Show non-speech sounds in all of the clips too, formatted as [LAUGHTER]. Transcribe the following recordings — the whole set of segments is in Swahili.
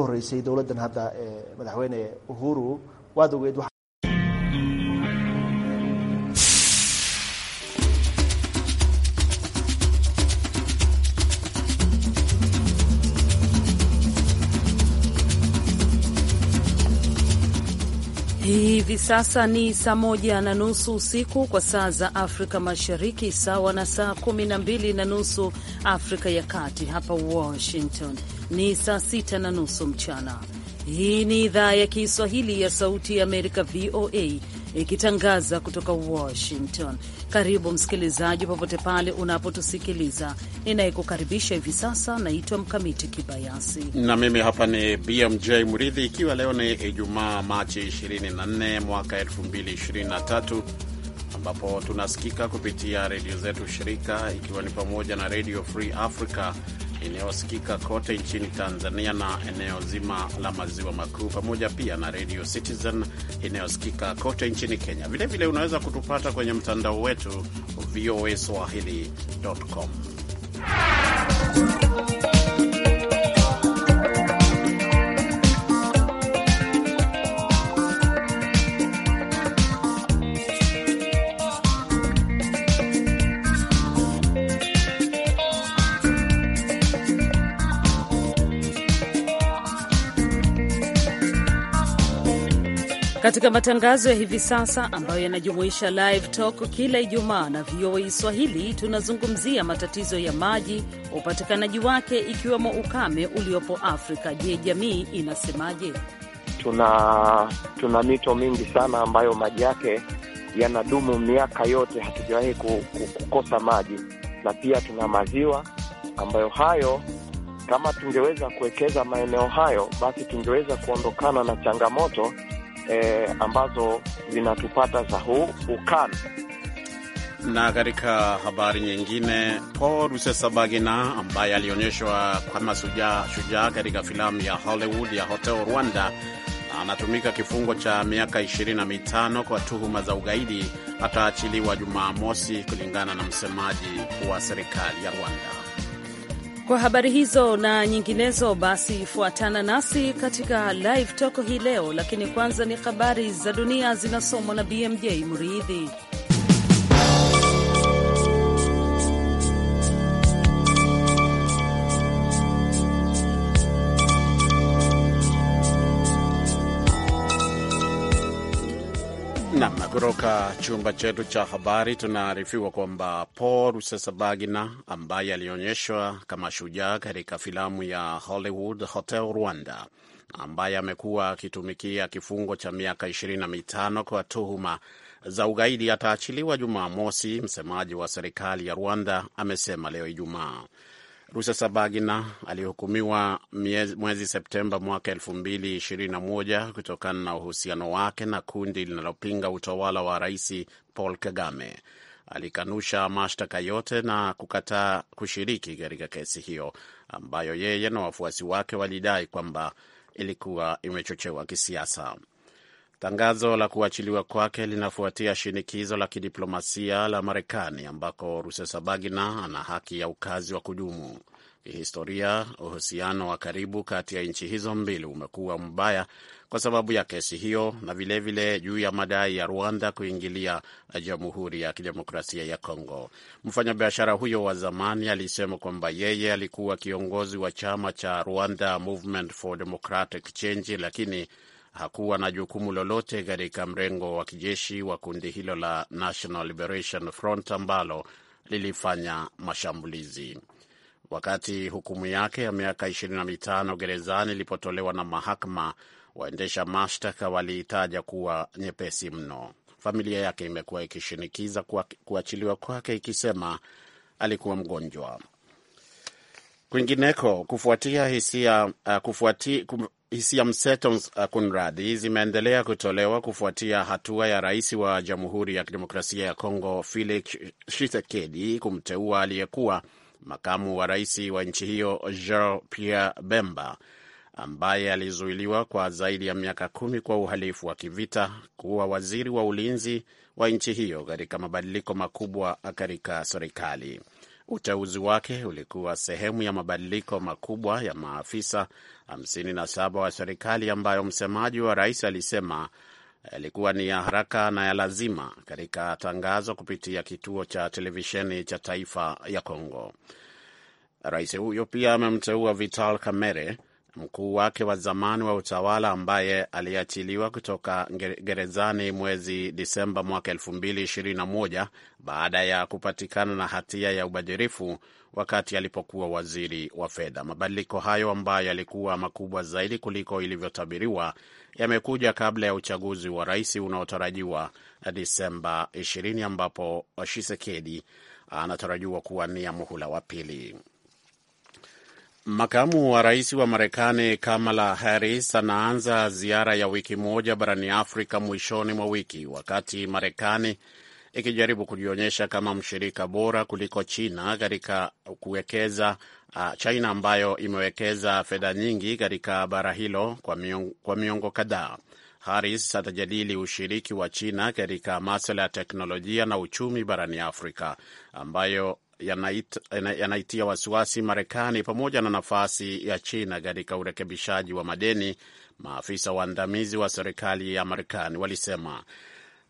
horeysay dowladdan hadda eh, madaxweyne Uhuru waad ogeed Hivi sasa ni saa moja na nusu usiku kwa saa za Afrika Mashariki, sawa na saa kumi na mbili na nusu Afrika ya Kati. Hapa Washington ni saa sita na nusu mchana. Hii ni idhaa ya Kiswahili ya Sauti ya Amerika, VOA, ikitangaza kutoka Washington. Karibu msikilizaji, popote pale unapotusikiliza. Ninayekukaribisha hivi sasa naitwa Mkamiti Kibayasi na mimi hapa ni BMJ Mridhi. ikiwa leo ni Ijumaa Machi 24 mwaka 2023 ambapo tunasikika kupitia redio zetu shirika, ikiwa ni pamoja na Redio Free Africa inayosikika kote nchini Tanzania na eneo zima la maziwa makuu, pamoja pia na Radio Citizen inayosikika kote nchini Kenya. Vilevile vile unaweza kutupata kwenye mtandao wetu voa swahili.com. katika matangazo ya hivi sasa ambayo yanajumuisha live talk kila Ijumaa na VOA Swahili, tunazungumzia matatizo ya maji, upatikanaji wake, ikiwemo ukame uliopo Afrika. Je, jamii inasemaje? Tuna, tuna mito mingi sana ambayo maji yake yanadumu miaka yote, hatujawahi kukosa maji, na pia tuna maziwa ambayo hayo kama tungeweza kuwekeza maeneo hayo, basi tungeweza kuondokana na changamoto eh, ambazo zinatupata za huu ukame. Na katika habari nyingine, Paul Rusesabagina ambaye alionyeshwa kama shujaa shujaa katika filamu ya Hollywood ya Hotel Rwanda anatumika kifungo cha miaka 25 kwa tuhuma za ugaidi ataachiliwa Jumaa mosi, kulingana na msemaji wa serikali ya Rwanda. Kwa habari hizo na nyinginezo, basi fuatana nasi katika live talk hii leo, lakini kwanza ni habari za dunia zinasomwa na BMJ Mridhi. Kutoka chumba chetu cha habari tunaarifiwa kwamba Paul Rusesabagina ambaye alionyeshwa kama shujaa katika filamu ya Hollywood Hotel Rwanda, ambaye amekuwa akitumikia kifungo cha miaka ishirini na mitano kwa tuhuma za ugaidi ataachiliwa Jumaa mosi, msemaji wa serikali ya Rwanda amesema leo Ijumaa. Rusesabagina alihukumiwa mwezi Septemba mwaka 2021 kutokana na uhusiano wake na kundi linalopinga utawala wa Rais Paul Kagame. Alikanusha mashtaka yote na kukataa kushiriki katika kesi hiyo ambayo yeye na wafuasi wake walidai kwamba ilikuwa imechochewa kisiasa. Tangazo la kuachiliwa kwake linafuatia shinikizo la kidiplomasia la Marekani, ambako Rusesabagina ana haki ya ukazi wa kudumu. Kihistoria, uhusiano wa karibu kati ya nchi hizo mbili umekuwa mbaya kwa sababu ya kesi hiyo na vilevile vile juu ya madai ya Rwanda kuingilia Jamhuri ya Kidemokrasia ya Kongo. Mfanyabiashara huyo wa zamani alisema kwamba yeye alikuwa kiongozi wa chama cha Rwanda Movement for Democratic Change, lakini hakuwa na jukumu lolote katika mrengo wa kijeshi wa kundi hilo la National Liberation Front ambalo lilifanya mashambulizi. Wakati hukumu yake ya miaka 25 gerezani ilipotolewa na mahakama, waendesha mashtaka waliitaja kuwa nyepesi mno. Familia yake imekuwa ikishinikiza kuachiliwa kwake, ikisema alikuwa mgonjwa. Kwingineko, kufuatia hisia uh, kufuatia hisia mseto uh, kunradhi, zimeendelea kutolewa kufuatia hatua ya rais wa Jamhuri ya Kidemokrasia ya Kongo Felix Tshisekedi kumteua aliyekuwa makamu wa rais wa nchi hiyo Jean Pierre Bemba ambaye alizuiliwa kwa zaidi ya miaka kumi kwa uhalifu wa kivita kuwa waziri wa ulinzi wa nchi hiyo katika mabadiliko makubwa katika serikali. Uteuzi wake ulikuwa sehemu ya mabadiliko makubwa ya maafisa 57 wa serikali ambayo msemaji wa rais alisema yalikuwa ni ya haraka na ya lazima, katika tangazo kupitia kituo cha televisheni cha taifa ya congo Rais huyo pia amemteua Vital Kamerhe mkuu wake wa zamani wa utawala ambaye aliachiliwa kutoka gerezani mwezi Disemba mwaka 2021 baada ya kupatikana na hatia ya ubadhirifu wakati alipokuwa waziri wa fedha. Mabadiliko hayo ambayo yalikuwa makubwa zaidi kuliko ilivyotabiriwa yamekuja kabla ya uchaguzi wa rais unaotarajiwa Disemba 20 ambapo Shisekedi anatarajiwa kuwania muhula wa pili. Makamu wa rais wa Marekani Kamala Harris anaanza ziara ya wiki moja barani Afrika mwishoni mwa wiki, wakati Marekani ikijaribu kujionyesha kama mshirika bora kuliko China katika kuwekeza, ah, China ambayo imewekeza fedha nyingi katika bara hilo kwa miongo, kwa miongo kadhaa. Harris atajadili ushiriki wa China katika maswala ya teknolojia na uchumi barani Afrika ambayo yanaitia wasiwasi Marekani pamoja na nafasi ya China katika urekebishaji wa madeni, maafisa waandamizi wa serikali ya Marekani walisema.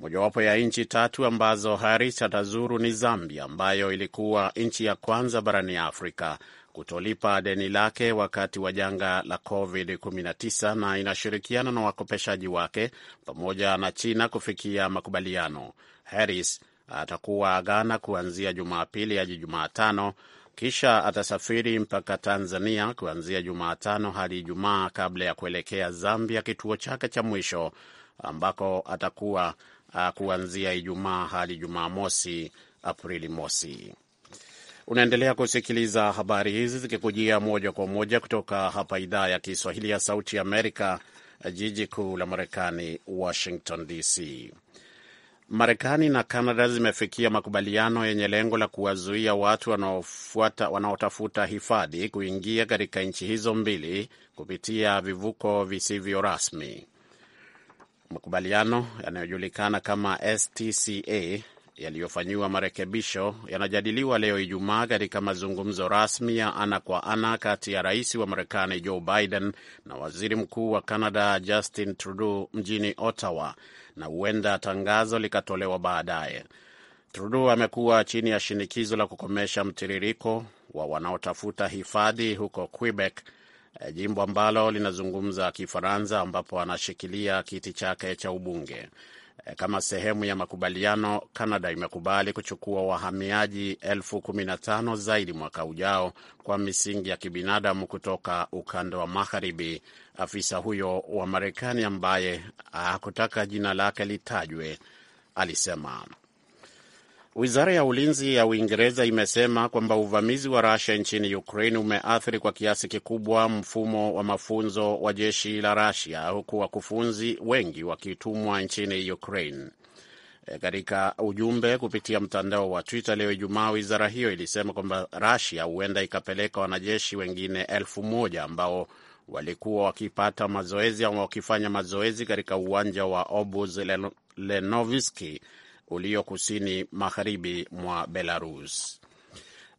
Mojawapo ya nchi tatu ambazo Harris atazuru ni Zambia, ambayo ilikuwa nchi ya kwanza barani Afrika kutolipa deni lake wakati wa janga la COVID-19 na inashirikiana na wakopeshaji wake pamoja na China kufikia makubaliano. Harris atakuwa Ghana kuanzia Jumapili hadi Jumatano, kisha atasafiri mpaka Tanzania kuanzia Jumatano hadi Ijumaa kabla ya kuelekea Zambia, kituo chake cha mwisho ambako atakuwa ah, kuanzia Ijumaa hadi Jumamosi, Aprili mosi. Unaendelea kusikiliza habari hizi zikikujia moja kwa moja kutoka hapa idhaa ya Kiswahili ya Sauti ya Amerika, jiji kuu la Marekani, Washington DC. Marekani na Kanada zimefikia makubaliano yenye lengo la kuwazuia watu wanaofuata wanaotafuta hifadhi kuingia katika nchi hizo mbili kupitia vivuko visivyo rasmi. Makubaliano yanayojulikana kama STCA yaliyofanyiwa marekebisho yanajadiliwa leo Ijumaa katika mazungumzo rasmi ya ana kwa ana kati ya rais wa Marekani Joe Biden na waziri mkuu wa Canada Justin Trudeau mjini Ottawa, na huenda tangazo likatolewa baadaye. Trudeau amekuwa chini ya shinikizo la kukomesha mtiririko wa wanaotafuta hifadhi huko Quebec, eh, jimbo ambalo linazungumza Kifaransa, ambapo anashikilia kiti chake cha ubunge. Eh, kama sehemu ya makubaliano, Kanada imekubali kuchukua wahamiaji elfu kumi na tano zaidi mwaka ujao kwa misingi ya kibinadamu kutoka ukanda wa magharibi. Afisa huyo wa Marekani ambaye hakutaka jina lake litajwe alisema Wizara ya ulinzi ya Uingereza imesema kwamba uvamizi wa Rusia nchini Ukraine umeathiri kwa kiasi kikubwa mfumo wa mafunzo wa jeshi la Rusia, huku wakufunzi wengi wakitumwa nchini Ukraine. E, katika ujumbe kupitia mtandao wa Twitter leo Ijumaa, wizara hiyo ilisema kwamba Rusia huenda ikapeleka wanajeshi wengine elfu moja ambao walikuwa wakipata mazoezi ama wakifanya mazoezi katika uwanja wa Obuz Lenoviski ulio kusini magharibi mwa Belarus.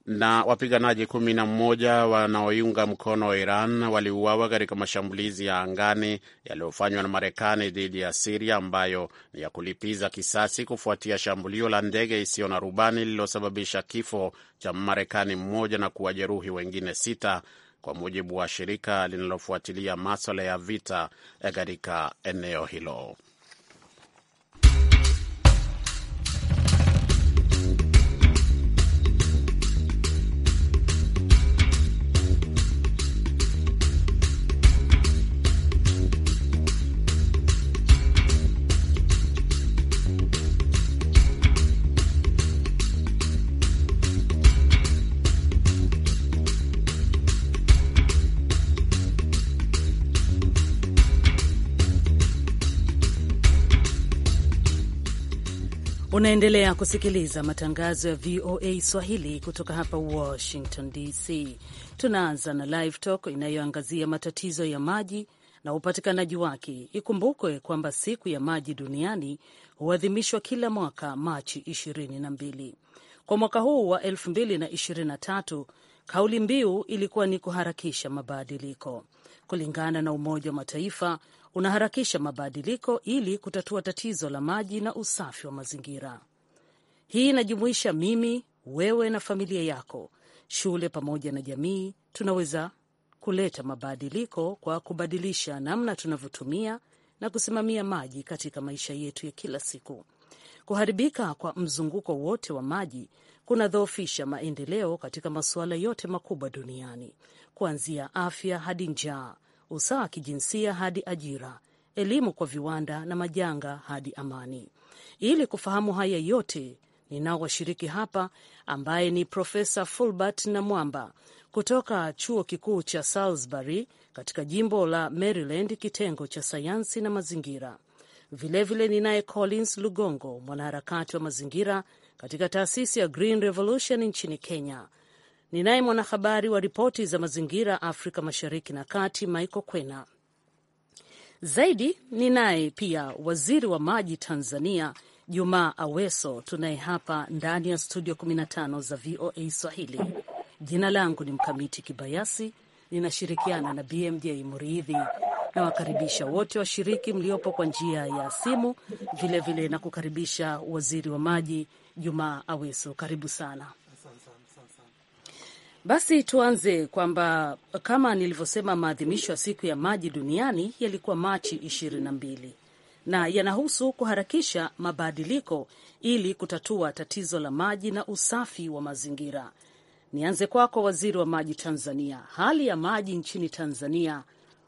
Na wapiganaji kumi na mmoja wanaoiunga mkono Iran waliuawa katika mashambulizi ya angani yaliyofanywa na Marekani dhidi ya Siria ambayo ni ya kulipiza kisasi kufuatia shambulio la ndege isiyo na rubani lililosababisha kifo cha Marekani mmoja na kuwajeruhi wengine sita kwa mujibu wa shirika linalofuatilia maswala ya vita katika eneo hilo. Unaendelea kusikiliza matangazo ya VOA Swahili kutoka hapa Washington DC. Tunaanza na Live Talk inayoangazia matatizo ya maji na upatikanaji wake. Ikumbukwe kwamba siku ya maji duniani huadhimishwa kila mwaka Machi 22. Kwa mwaka huu wa 2023 kauli mbiu ilikuwa ni kuharakisha mabadiliko. Kulingana na Umoja wa Mataifa, unaharakisha mabadiliko ili kutatua tatizo la maji na usafi wa mazingira. Hii inajumuisha mimi, wewe na familia yako, shule pamoja na jamii. Tunaweza kuleta mabadiliko kwa kubadilisha namna tunavyotumia na kusimamia maji katika maisha yetu ya kila siku. Kuharibika kwa mzunguko wote wa maji kunadhoofisha maendeleo katika masuala yote makubwa duniani, kuanzia afya hadi njaa, usawa wa kijinsia hadi ajira, elimu kwa viwanda na majanga hadi amani. Ili kufahamu haya yote, ninao washiriki hapa ambaye ni Profesa Fulbert na Mwamba kutoka chuo kikuu cha Salisbury katika jimbo la Maryland, kitengo cha sayansi na mazingira. Vilevile ninaye Collins Lugongo, mwanaharakati wa mazingira katika taasisi ya Green Revolution nchini Kenya. Ninaye mwanahabari wa ripoti za mazingira Afrika Mashariki na Kati, Michael Kwena. Zaidi ninaye pia waziri wa maji Tanzania, Jumaa Aweso, tunaye hapa ndani ya studio 15 za VOA Swahili. Jina langu ni Mkamiti Kibayasi, ninashirikiana na BMJ Muridhi. Nawakaribisha wote washiriki mliopo kwa njia ya simu, vilevile vile na kukaribisha waziri wa maji Jumaa Aweso, karibu sana. Basi tuanze kwamba kama nilivyosema, maadhimisho ya siku ya maji duniani yalikuwa Machi 22 na yanahusu kuharakisha mabadiliko ili kutatua tatizo la maji na usafi wa mazingira. Nianze kwako, waziri wa maji Tanzania, hali ya maji nchini Tanzania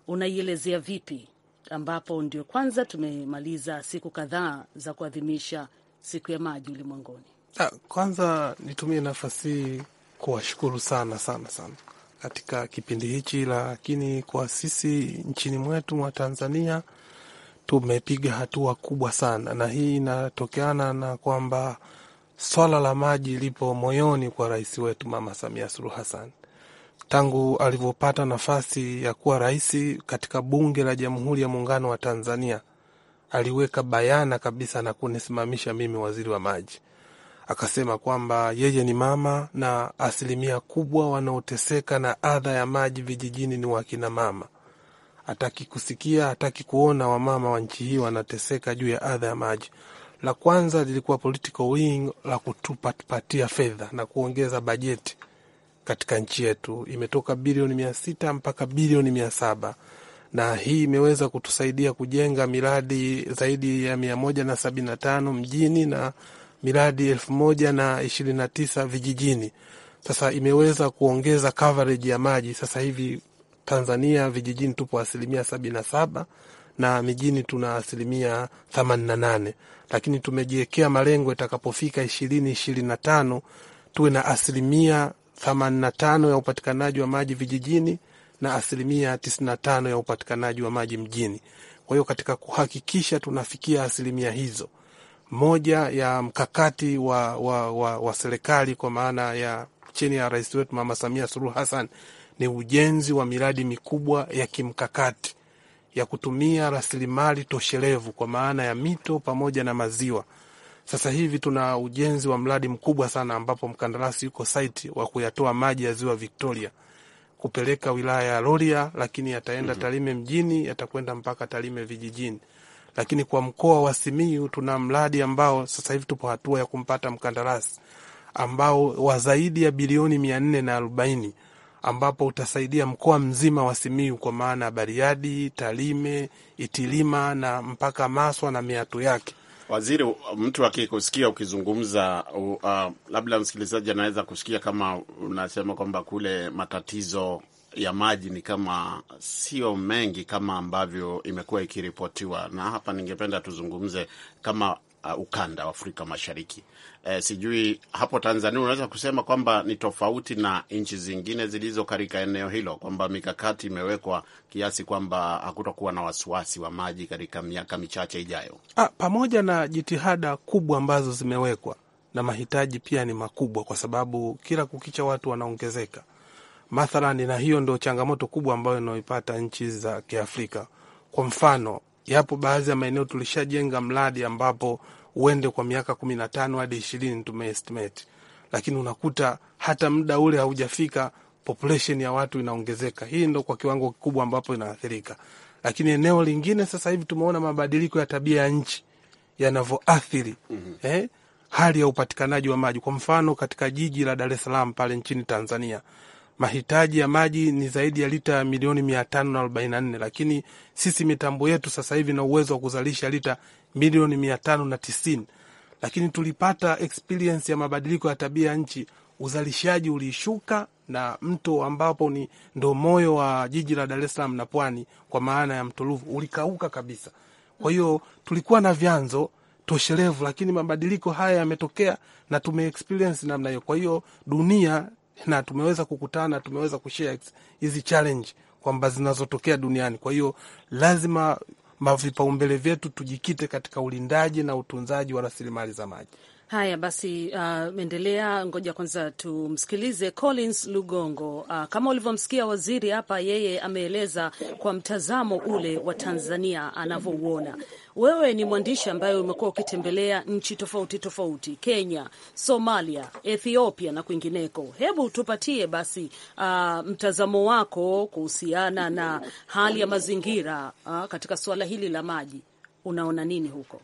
unaielezea vipi, ambapo ndio kwanza tumemaliza siku kadhaa za kuadhimisha siku ya maji ulimwenguni? Ah, kwanza nitumie nafasi kuwashukuru sana sana sana katika kipindi hichi, lakini kwa sisi nchini mwetu mwa Tanzania tumepiga hatua kubwa sana, na hii inatokeana na kwamba swala la maji lipo moyoni kwa rais wetu Mama Samia Suluhu Hassan tangu alivyopata nafasi ya kuwa rais katika Bunge la Jamhuri ya Muungano wa Tanzania aliweka bayana kabisa na kunisimamisha mimi waziri wa maji. Akasema kwamba yeye ni mama na asilimia kubwa wanaoteseka na adha ya maji vijijini ni wakina mama. Ataki kusikia, ataki kuona wamama wa nchi hii wanateseka juu ya adha ya maji. La kwanza lilikuwa political wing la kutupatia fedha na kuongeza bajeti katika nchi yetu, imetoka bilioni mia sita mpaka bilioni mia saba na hii imeweza kutusaidia kujenga miradi zaidi ya mia moja na sabini na tano mjini na miradi elfu moja na ishirini na tisa vijijini. Sasa imeweza kuongeza coverage ya maji. Sasa hivi Tanzania vijijini tupo asilimia sabini na saba na mijini tuna asilimia themanini na nane lakini tumejiwekea malengo itakapofika ishirini ishirini na tano tuwe na asilimia themanini na tano ya upatikanaji wa maji vijijini na asilimia tisini na tano ya upatikanaji wa maji mjini. Kwa hiyo katika kuhakikisha tunafikia asilimia hizo moja ya mkakati wa, wa, wa, wa serikali kwa maana ya chini ya rais wetu Mama Samia Suluhu Hassan ni ujenzi wa miradi mikubwa ya kimkakati ya kutumia rasilimali toshelevu kwa maana ya mito pamoja na maziwa. Sasa hivi tuna ujenzi wa mradi mkubwa sana ambapo mkandarasi yuko saiti wa kuyatoa maji ya ziwa Victoria kupeleka wilaya ya Rorya, lakini yataenda mm -hmm. Tarime mjini, yatakwenda mpaka Tarime vijijini lakini kwa mkoa wa Simiyu tuna mradi ambao sasa hivi tupo hatua ya kumpata mkandarasi ambao wa zaidi ya bilioni mia nne na arobaini ambapo utasaidia mkoa mzima wa Simiyu kwa maana Bariadi, Tarime, Itilima na mpaka Maswa na miatu yake. Waziri, mtu akikusikia ukizungumza, uh, labda msikilizaji anaweza kusikia kama unasema kwamba kule matatizo ya maji ni kama sio mengi kama ambavyo imekuwa ikiripotiwa, na hapa ningependa tuzungumze kama uh, ukanda wa Afrika Mashariki. Eh, sijui hapo Tanzania unaweza kusema kwamba ni tofauti na nchi zingine zilizo katika eneo hilo, kwamba mikakati imewekwa kiasi kwamba hakutakuwa na wasiwasi wa maji katika miaka michache ijayo. Ah, pamoja na jitihada kubwa ambazo zimewekwa na mahitaji pia ni makubwa, kwa sababu kila kukicha watu wanaongezeka mathalani, na hiyo ndo changamoto kubwa ambayo inaoipata nchi za Kiafrika. Kwa mfano, yapo baadhi ya maeneo tulishajenga mradi ambapo uende kwa miaka kumi na tano hadi ishirini tumeestimate, lakini unakuta hata muda ule haujafika, population ya watu inaongezeka. Hii ndo kwa kiwango kikubwa ambapo inaathirika. Lakini eneo lingine sasa hivi tumeona mabadiliko ya tabia ya nchi yanavyoathiri mm -hmm. eh, hali ya upatikanaji wa maji. Kwa mfano katika jiji la Dar es Salaam pale nchini Tanzania mahitaji ya maji ni zaidi ya lita milioni mia tano na arobaini na nne lakini sisi mitambo yetu sasa hivi na uwezo wa kuzalisha lita milioni mia tano na tisini lakini tulipata experience ya mabadiliko ya tabia ya nchi, uzalishaji ulishuka, na mto ambapo ni ndo moyo wa jiji la Dar es Salaam na pwani kwa maana ya mto Ruvu ulikauka kabisa. Kwa hiyo tulikuwa na vyanzo toshelevu, lakini mabadiliko haya yametokea na tumeexperience namna hiyo. Kwa hiyo dunia na tumeweza kukutana, tumeweza kushare hizi challenge kwamba zinazotokea duniani. Kwa hiyo lazima mavipaumbele vyetu tujikite katika ulindaji na utunzaji wa rasilimali za maji. Haya basi, uh, endelea. Ngoja kwanza tumsikilize Collins Lugongo. Uh, kama ulivyomsikia waziri hapa, yeye ameeleza kwa mtazamo ule wa Tanzania anavyouona wewe ni mwandishi ambaye umekuwa ukitembelea nchi tofauti tofauti, Kenya, Somalia, Ethiopia na kwingineko. Hebu tupatie basi uh, mtazamo wako kuhusiana na hali ya mazingira uh, katika suala hili la maji, unaona nini huko?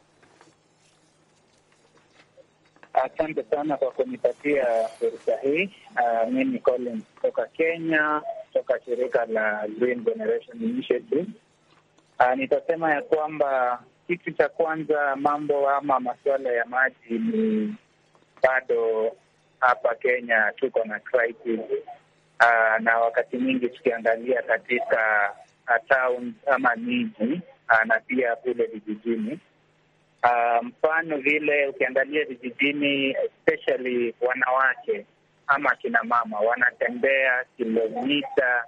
Asante sana kwa kunipatia fursa hii. Uh, ah, ni Collins kutoka Kenya, kutoka shirika la Green Generation Initiative. Uh, nitasema ya kwamba kitu cha kwanza, mambo ama masuala ya maji ni bado hapa Kenya tuko na crisis. Uh, na wakati mwingi tukiangalia katika ah, town ama miji uh, na pia kule vijijini uh, mfano vile ukiangalia vijijini especially wanawake ama kina mama wanatembea kilomita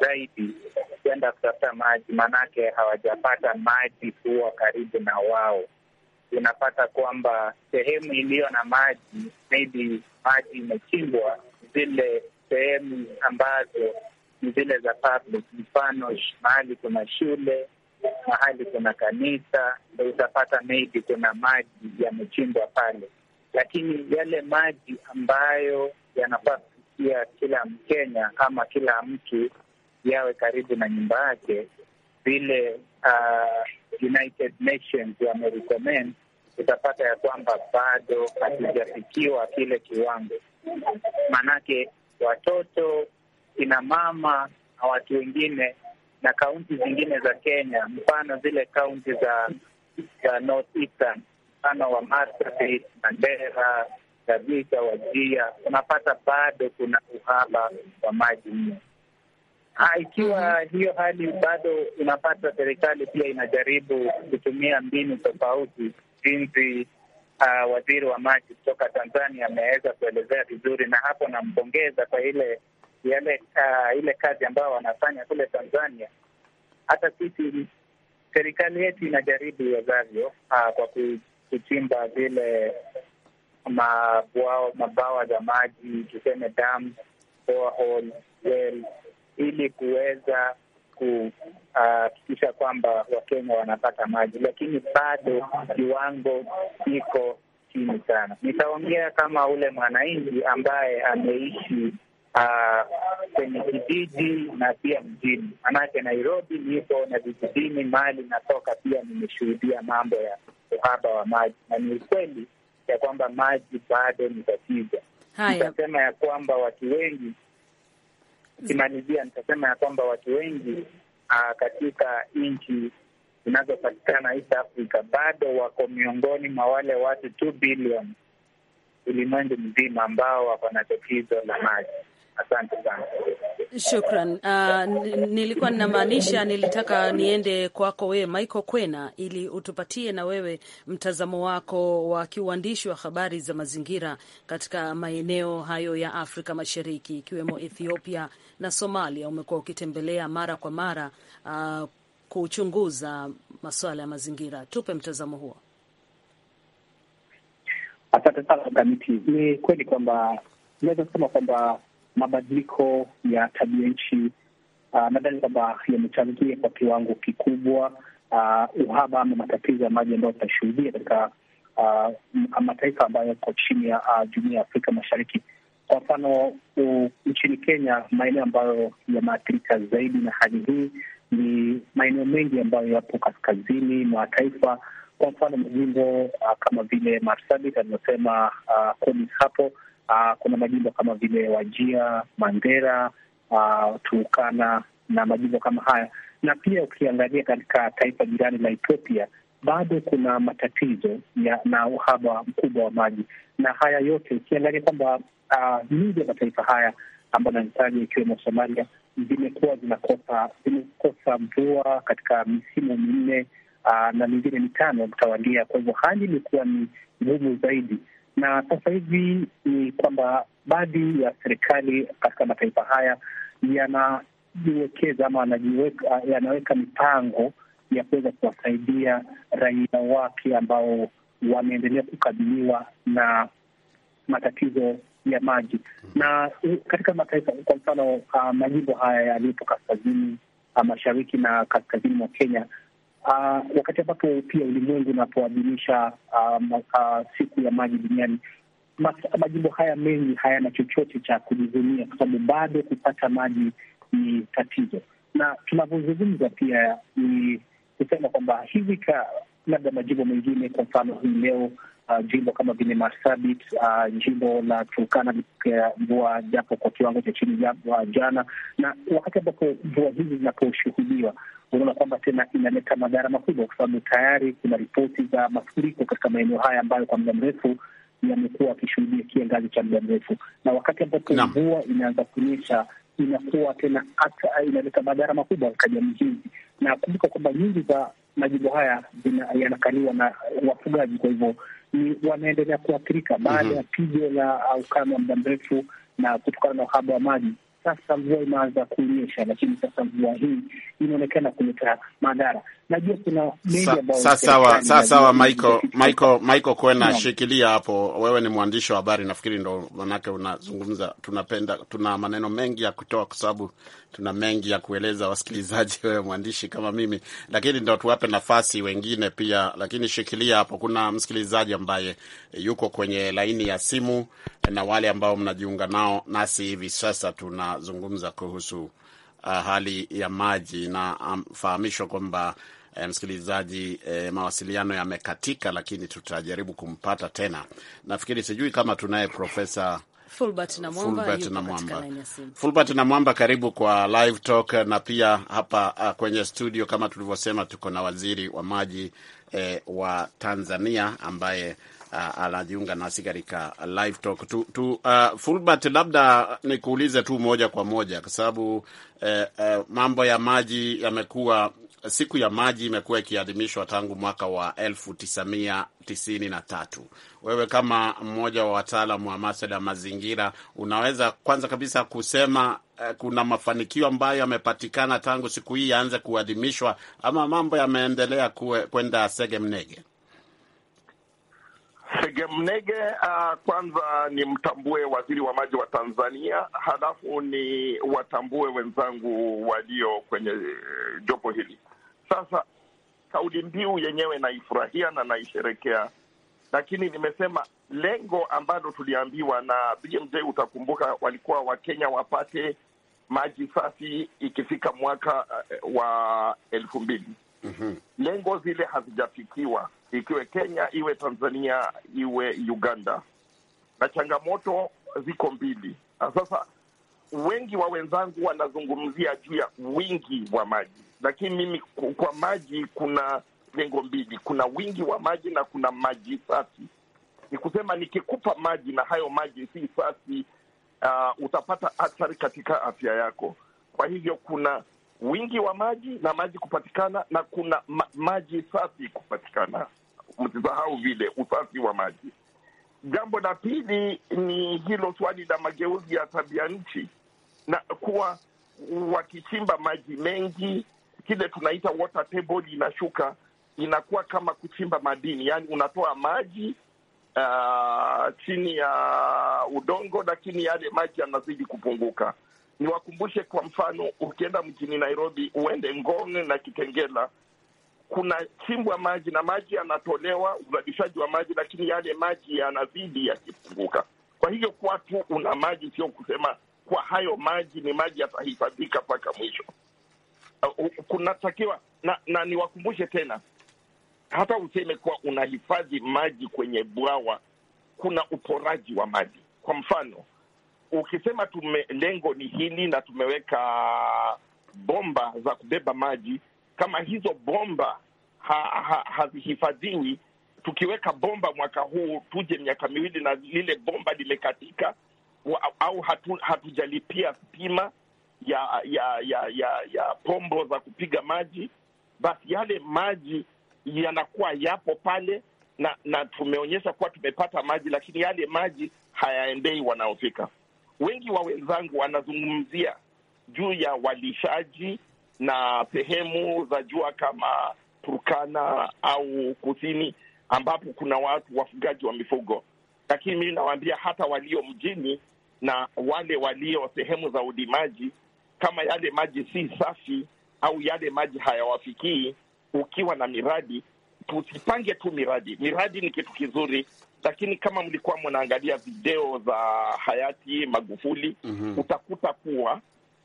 zaidi kwenda kutafuta maji, maanake hawajapata maji kuwa karibu na wao. Unapata kwamba sehemu iliyo na maji, maybe maji imechimbwa, zile sehemu ambazo ni zile za public, mfano mahali kuna shule, mahali kuna kanisa, ndo utapata maybe kuna maji yamechimbwa pale, lakini yale maji ambayo yanafaa kufikia kila Mkenya ama kila mtu yawe karibu na nyumba yake, vile uh, United Nations wamerecommend, utapata ya kwamba bado hatujafikiwa kile kiwango. Maanake watoto, kina mama na watu wengine na kaunti zingine za Kenya, mfano zile kaunti za za North Eastern, mfano wa Marsabit, Mandera, Garissa, Wajia, unapata bado kuna uhaba wa maji mno. Ah, ikiwa mhm. hiyo hali bado unapata, serikali pia inajaribu kutumia mbinu tofauti jinsi uh, waziri wa maji kutoka Tanzania ameweza kuelezea vizuri, na hapo nampongeza kwa ile yale, uh, ile kazi ambayo wanafanya kule Tanzania. Hata sisi serikali yetu inajaribu iwezavyo, uh, kwa kuchimba vile mabwawa mabawa za maji tuseme dam borehole well ili kuweza kuhakikisha uh, kwamba Wakenya wanapata maji, lakini bado kiwango kiko chini sana. Nitaongea kama ule mwananchi ambaye ameishi uh, kwenye kijiji na pia mjini, manake Nairobi niko na vijijini, mali natoka pia nimeshuhudia mambo ya uhaba wa maji, na ni ukweli ya kwamba maji bado ni tatizo. Nitasema ya kwamba watu wengi Kimalizia nitasema ya kwamba watu wengi uh, katika nchi zinazopatikana East Africa bado wako miongoni mwa wale watu two bilioni ulimwengu mzima ambao wako na tatizo la maji. Asante sana, shukran. Uh, nilikuwa ninamaanisha, nilitaka niende kwako wewe Michael Kwena ili utupatie na wewe mtazamo wako wa kiuandishi wa habari za mazingira katika maeneo hayo ya Afrika Mashariki ikiwemo Ethiopia na Somalia umekuwa ukitembelea mara kwa mara uh, kuchunguza masuala ya mazingira. Tupe mtazamo huo. Asante sana Mkamiti. Ni kweli kwamba naweza kusema kwamba mabadiliko ya tabia nchi uh, nadhani kwamba yamechangia kwa kiwango kikubwa uh, uhaba ama matatizo ya maji ambayo tunashuhudia katika uh, mataifa ambayo yako chini ya uh, jumuia ya Afrika Mashariki. Kwa mfano nchini Kenya, maeneo ambayo yameathirika zaidi na hali hii ni maeneo mengi ambayo yapo kaskazini mwa taifa. Kwa mfano majimbo uh, kama vile Marsabit aliyosema uh, ah, Collins hapo uh, kuna majimbo kama vile Wajia, Mandera, uh, Turkana na majimbo kama haya, na pia ukiangalia katika taifa jirani la Ethiopia bado kuna matatizo ya, na uhaba mkubwa wa maji, na haya yote ukiangalia kwamba Ah, nje ya mataifa haya ambayo anataja ikiwemo Somalia zimekuwa zinakosa zimekosa mvua katika misimu minne ah, na mingine mitano mtawalia. Kwa hivyo hali imekuwa ni ngumu zaidi, na sasa hivi ni kwamba baadhi ya serikali katika mataifa haya yanajiwekeza ama yanaweka mipango ya kuweza kuwasaidia raia wake ambao wameendelea kukabiliwa na matatizo ya maji na katika mataifa kwa mfano uh, majimbo haya yaliyopo kaskazini uh, mashariki na kaskazini mwa Kenya uh, wakati ambapo pia ulimwengu unapoadhimisha uh, uh, siku ya maji duniani, majimbo haya mengi hayana chochote cha kujivunia, kwa sababu bado kupata maji ni tatizo, na tunavyozungumza pia ni kusema kwamba hivi labda majimbo mengine, kwa mfano hii leo uh, jimbo kama vile Marsabit, uh, jimbo la Turkana lipokea mvua japo kwa kiwango cha chini uh, jana, na wakati ambapo mvua hizi zinaposhuhudiwa unaona kwamba tena inaleta madhara makubwa, kwa sababu tayari kuna ripoti za mafuriko katika maeneo haya ambayo kwa muda mrefu yamekuwa akishuhudia kiangazi cha muda mrefu, na wakati ambapo mvua inaanza kunyesha inakuwa tena hata inaleta madhara makubwa katika jamii hizi, na kumbuka kwamba nyingi za majimbo haya yanakaliwa na wafugaji, kwa hivyo wanaendelea kuathirika baada ya mhm. pigo la ukame wa muda mrefu na kutokana na uhaba wa maji sasa mvua imeanza kunyesha, lakini sasa mvua hii inaonekana kuleta madhara. Najua kuna Michael Kwena, shikilia hapo, wewe ni mwandishi wa habari, nafikiri ndo manake unazungumza. Tunapenda, tuna maneno mengi ya kutoa kwa sababu tuna mengi ya kueleza wasikilizaji, [LAUGHS] wewe mwandishi kama mimi, lakini ndo tuwape nafasi wengine pia, lakini shikilia hapo. Kuna msikilizaji ambaye yuko kwenye laini ya simu na wale ambao mnajiunga nao nasi hivi sasa tuna tunazungumza kuhusu uh, hali ya maji na um, fahamishwa kwamba E, msikilizaji, e, mawasiliano yamekatika, lakini tutajaribu kumpata tena. Nafikiri sijui kama tunaye Profesa Fulbert na Fulbert na karibu kwa Live Talk, na pia hapa ah, kwenye studio kama tulivyosema, tuko na waziri wa maji e, wa Tanzania ambaye uh, anajiunga nasi katika live talk tu, tu, uh, Fulbert, labda nikuulize tu moja kwa moja kwa sababu uh, uh, mambo ya maji yamekuwa siku ya maji imekuwa ikiadhimishwa tangu mwaka wa tatu. Wewe kama mmoja wa wataalamu wa masuala ya mazingira, unaweza kwanza kabisa kusema eh, kuna mafanikio ambayo yamepatikana tangu siku hii yaanze kuadhimishwa ama mambo yameendelea kwenda segemnege? Segemnege uh, ah, kwanza ni mtambue waziri wa maji wa Tanzania, halafu ni watambue wenzangu walio kwenye eh, jopo hili. Sasa kauli mbiu yenyewe naifurahia na naisherekea, lakini nimesema lengo ambalo tuliambiwa na BMJ, utakumbuka walikuwa Wakenya wapate maji safi ikifika mwaka eh, wa elfu mbili. Mm -hmm. Lengo zile hazijafikiwa ikiwe Kenya, iwe Tanzania, iwe Uganda, na changamoto ziko mbili. Sasa wengi wa wenzangu wanazungumzia juu ya wingi wa maji, lakini mimi kwa maji kuna lengo mbili, kuna wingi wa maji na kuna maji safi. Ni kusema nikikupa maji na hayo maji si safi, uh, utapata athari katika afya yako. Kwa hivyo kuna wingi wa maji na maji kupatikana na kuna ma maji safi kupatikana. Msisahau vile usafi wa maji. Jambo la pili ni hilo swali la mageuzi ya tabia nchi na kuwa wakichimba maji mengi, kile tunaita water table inashuka, inakuwa kama kuchimba madini, yaani unatoa maji uh, chini ya udongo, lakini yale maji yanazidi kupunguka. Niwakumbushe kwa mfano, ukienda mjini Nairobi, uende Ngong na Kitengela, kuna chimbwa maji na maji yanatolewa, uzalishaji wa maji, lakini yale maji yanazidi yakipunguka. Kwa hivyo kwatu una maji, sio kusema kwa hayo maji ni maji yatahifadhika mpaka mwisho. Uh, kunatakiwa na, na niwakumbushe tena, hata useme kuwa unahifadhi maji kwenye bwawa, kuna uporaji wa maji. Kwa mfano ukisema tume, lengo ni hili na tumeweka bomba za kubeba maji, kama hizo bomba hazihifadhiwi ha, ha, tukiweka bomba mwaka huu tuje miaka miwili na lile bomba limekatika au hatu, hatujalipia stima ya ya ya ya ya pombo za kupiga maji, basi yale maji yanakuwa yapo pale na na tumeonyesha kuwa tumepata maji, lakini yale maji hayaendei wanaofika wengi wa wenzangu wanazungumzia juu ya walishaji na sehemu za jua kama Turkana au kusini, ambapo kuna watu wafugaji wa mifugo, lakini mimi nawaambia hata walio mjini na wale walio sehemu za ulimaji, kama yale maji si safi au yale maji hayawafikii, ukiwa na miradi tusipange tu miradi. Miradi ni kitu kizuri, lakini kama mlikuwa mnaangalia video za hayati Magufuli mm -hmm. utakuta kuwa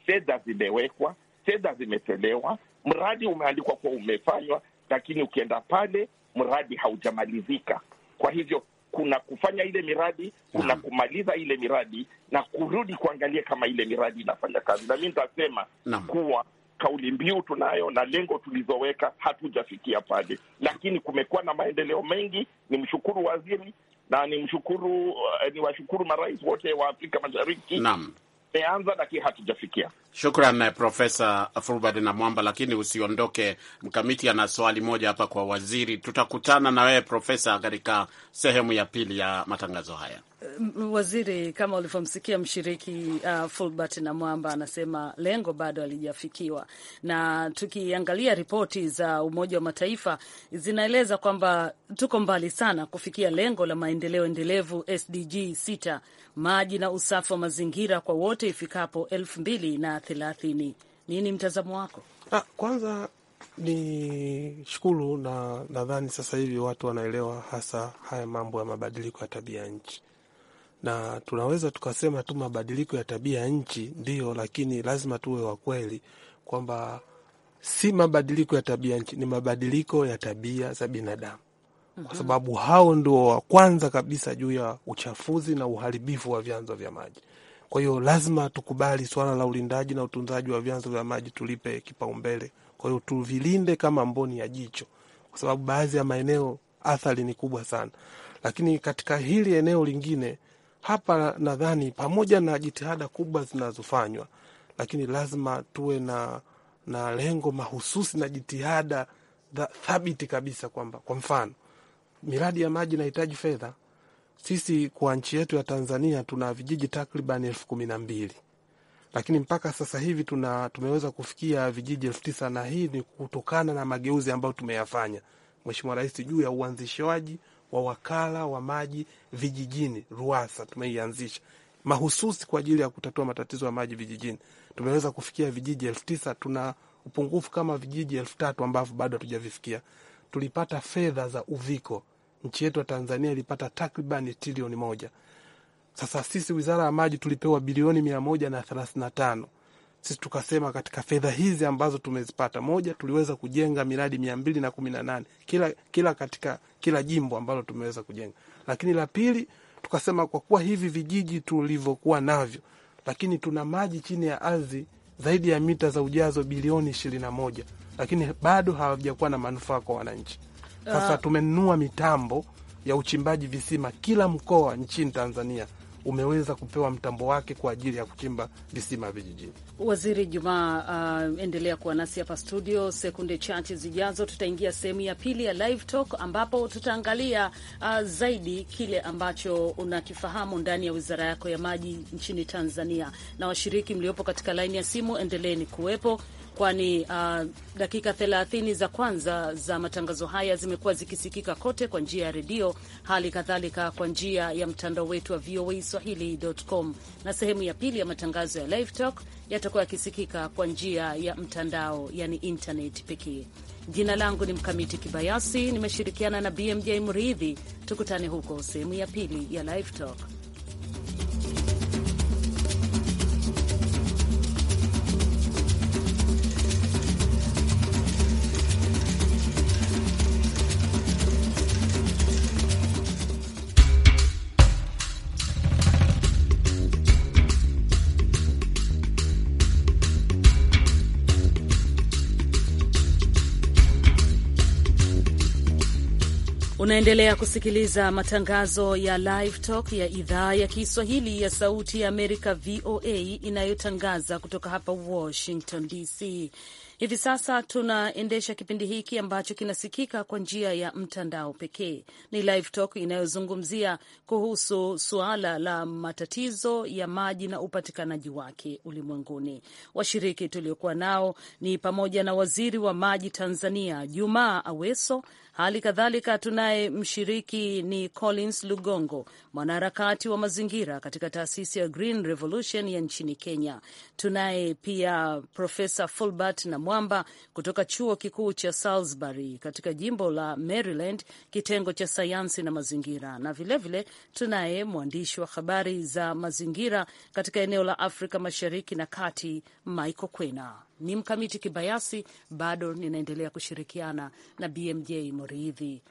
fedha zimewekwa, fedha zimetolewa, mradi umeandikwa kuwa umefanywa, lakini ukienda pale mradi haujamalizika. Kwa hivyo kuna kufanya ile miradi, kuna mhm. kumaliza ile miradi na kurudi kuangalia kama ile miradi inafanya kazi, na mi nitasema kuwa kauli mbiu tunayo na lengo tulizoweka hatujafikia pale, lakini kumekuwa na maendeleo mengi. Ni mshukuru waziri na ni mshukuru eh, ni washukuru marais wote wa Afrika Mashariki. Naam, tumeanza lakini hatujafikia. Shukran eh, Profesa Fulbert na Mwamba, lakini usiondoke. Mkamiti ana swali moja hapa kwa waziri. Tutakutana na wewe Profesa katika sehemu ya pili ya matangazo haya. Waziri, kama ulivyomsikia mshiriki uh, Fulbert na Mwamba anasema lengo bado halijafikiwa, na tukiangalia ripoti za Umoja wa Mataifa zinaeleza kwamba tuko mbali sana kufikia lengo la maendeleo endelevu SDG 6 maji na usafi wa mazingira kwa wote ifikapo elfu mbili na thelathini. Nini mtazamo wako? Ha, ah, kwanza ni shukuru na nadhani sasa hivi watu wanaelewa hasa haya mambo ya mabadiliko ya tabia ya nchi na tunaweza tukasema tu mabadiliko ya tabia ya nchi ndiyo, lakini lazima tuwe wa kweli kwamba si mabadiliko ya tabia nchi, ni mabadiliko ya tabia za binadamu, kwa mhm. sababu hao ndio wa kwanza kabisa juu ya uchafuzi na uharibifu wa vyanzo vya maji. Kwa hiyo lazima tukubali swala la ulindaji na utunzaji wa vyanzo vya maji, tulipe kipaumbele. Kwa hiyo tuvilinde kama mboni ya jicho, kwa sababu baadhi ya maeneo athari ni kubwa sana, lakini katika hili eneo lingine hapa nadhani pamoja na jitihada kubwa zinazofanywa, lakini lazima tuwe na, na lengo mahususi na jitihada thabiti kabisa kwamba kwa mfano miradi ya maji inahitaji fedha. Sisi kwa nchi yetu ya Tanzania tuna vijiji takriban elfu kumi na mbili lakini mpaka sasa hivi tuna tumeweza kufikia vijiji elfu tisa na hii ni kutokana na mageuzi ambayo tumeyafanya Mheshimiwa Rais juu ya uanzishwaji wa wakala wa maji vijijini RUWASA tumeianzisha mahususi kwa ajili ya kutatua matatizo ya maji vijijini. Tumeweza kufikia vijiji elfu tisa. Tuna upungufu kama vijiji elfu tatu ambavyo bado hatujavifikia. Tulipata fedha za uviko, nchi yetu ya Tanzania ilipata takribani trilioni moja. Sasa sisi wizara ya maji tulipewa bilioni mia moja na thelathini na tano sisi tukasema katika fedha hizi ambazo tumezipata, moja, tuliweza kujenga miradi mia mbili na kumi na nane kila, kila katika kila jimbo ambalo tumeweza kujenga. Lakini la pili tukasema kwa kuwa hivi vijiji tulivyokuwa navyo, lakini tuna maji chini ya ardhi zaidi ya mita za ujazo bilioni ishirini na moja lakini bado hawajakuwa na manufaa kwa wananchi. Sasa ah. tumenunua mitambo ya uchimbaji visima kila mkoa nchini Tanzania umeweza kupewa mtambo wake kwa ajili ya kuchimba visima vijijini. Waziri Jumaa, uh, endelea kuwa nasi hapa studio. Sekunde chache zijazo, tutaingia sehemu ya pili ya Live Talk ambapo tutaangalia uh, zaidi kile ambacho unakifahamu ndani ya wizara yako ya maji nchini Tanzania, na washiriki mliopo katika laini ya simu, endeleeni kuwepo kwani uh, dakika 30 za kwanza za matangazo haya zimekuwa zikisikika kote kwa njia ya redio, hali kadhalika kwa njia ya mtandao wetu wa VOA Swahili.com, na sehemu ya pili ya matangazo ya Live Talk yatakuwa yakisikika kwa njia ya mtandao, yani internet pekee. Jina langu ni Mkamiti Kibayasi, nimeshirikiana na BMJ Mridhi. Tukutane huko sehemu ya pili ya Live Talk. Unaendelea kusikiliza matangazo ya Live Talk ya idhaa ya Kiswahili ya Sauti ya Amerika, VOA, inayotangaza kutoka hapa Washington DC. Hivi sasa tunaendesha kipindi hiki ambacho kinasikika kwa njia ya mtandao pekee. Ni Live Talk inayozungumzia kuhusu suala la matatizo ya maji na upatikanaji wake ulimwenguni. Washiriki tuliokuwa nao ni pamoja na waziri wa maji Tanzania, Jumaa Aweso. Hali kadhalika tunaye mshiriki ni Collins Lugongo, mwanaharakati wa mazingira katika taasisi ya Green Revolution ya nchini Kenya. Tunaye pia Profesa Fulbert na Mwamba kutoka chuo kikuu cha Salisbury katika jimbo la Maryland, kitengo cha sayansi na mazingira. Na vilevile tunaye mwandishi wa habari za mazingira katika eneo la Afrika Mashariki na Kati, Michael Kwena. Ni mkamiti kibayasi, bado ninaendelea kushirikiana na BMJ Moridhi.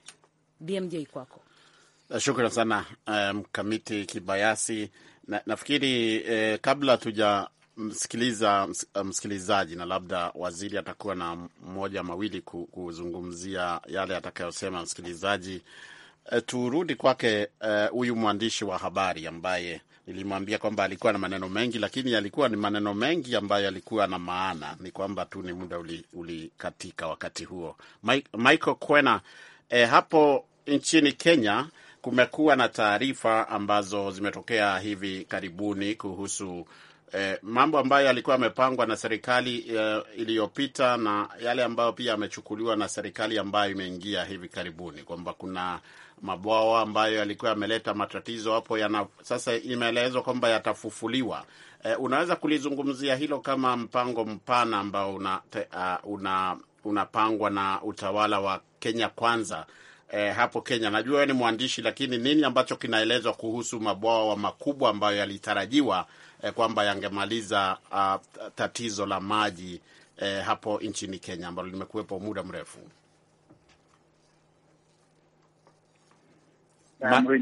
BMJ kwako. Shukran sana eh, mkamiti um, kibayasi na, nafikiri eh, kabla tuja msikiliza eh, msikilizaji, na labda waziri atakuwa na mmoja mawili kuzungumzia yale atakayosema msikilizaji. E, turudi kwake eh, huyu e, mwandishi wa habari ambaye nilimwambia kwamba alikuwa na maneno mengi, lakini yalikuwa ni maneno mengi ambayo yalikuwa na maana. Ni kwamba tu ni muda ulikatika uli wakati huo. Michael Kwena, e, hapo nchini Kenya kumekuwa na taarifa ambazo zimetokea hivi karibuni kuhusu eh, mambo ambayo yalikuwa yamepangwa na serikali eh, iliyopita na yale ambayo pia yamechukuliwa na serikali ambayo imeingia hivi karibuni, kwamba kuna mabwawa ambayo yalikuwa yameleta matatizo hapo yana, sasa imeelezwa kwamba yatafufuliwa. Eh, unaweza kulizungumzia hilo kama mpango mpana ambao una, uh, una unapangwa na utawala wa Kenya Kwanza. Eh, hapo Kenya najua wewe ni mwandishi, lakini nini ambacho kinaelezwa kuhusu mabwawa makubwa ambayo yalitarajiwa eh, kwamba yangemaliza uh, tatizo la maji eh, hapo nchini Kenya ambalo limekuwepo muda mrefu.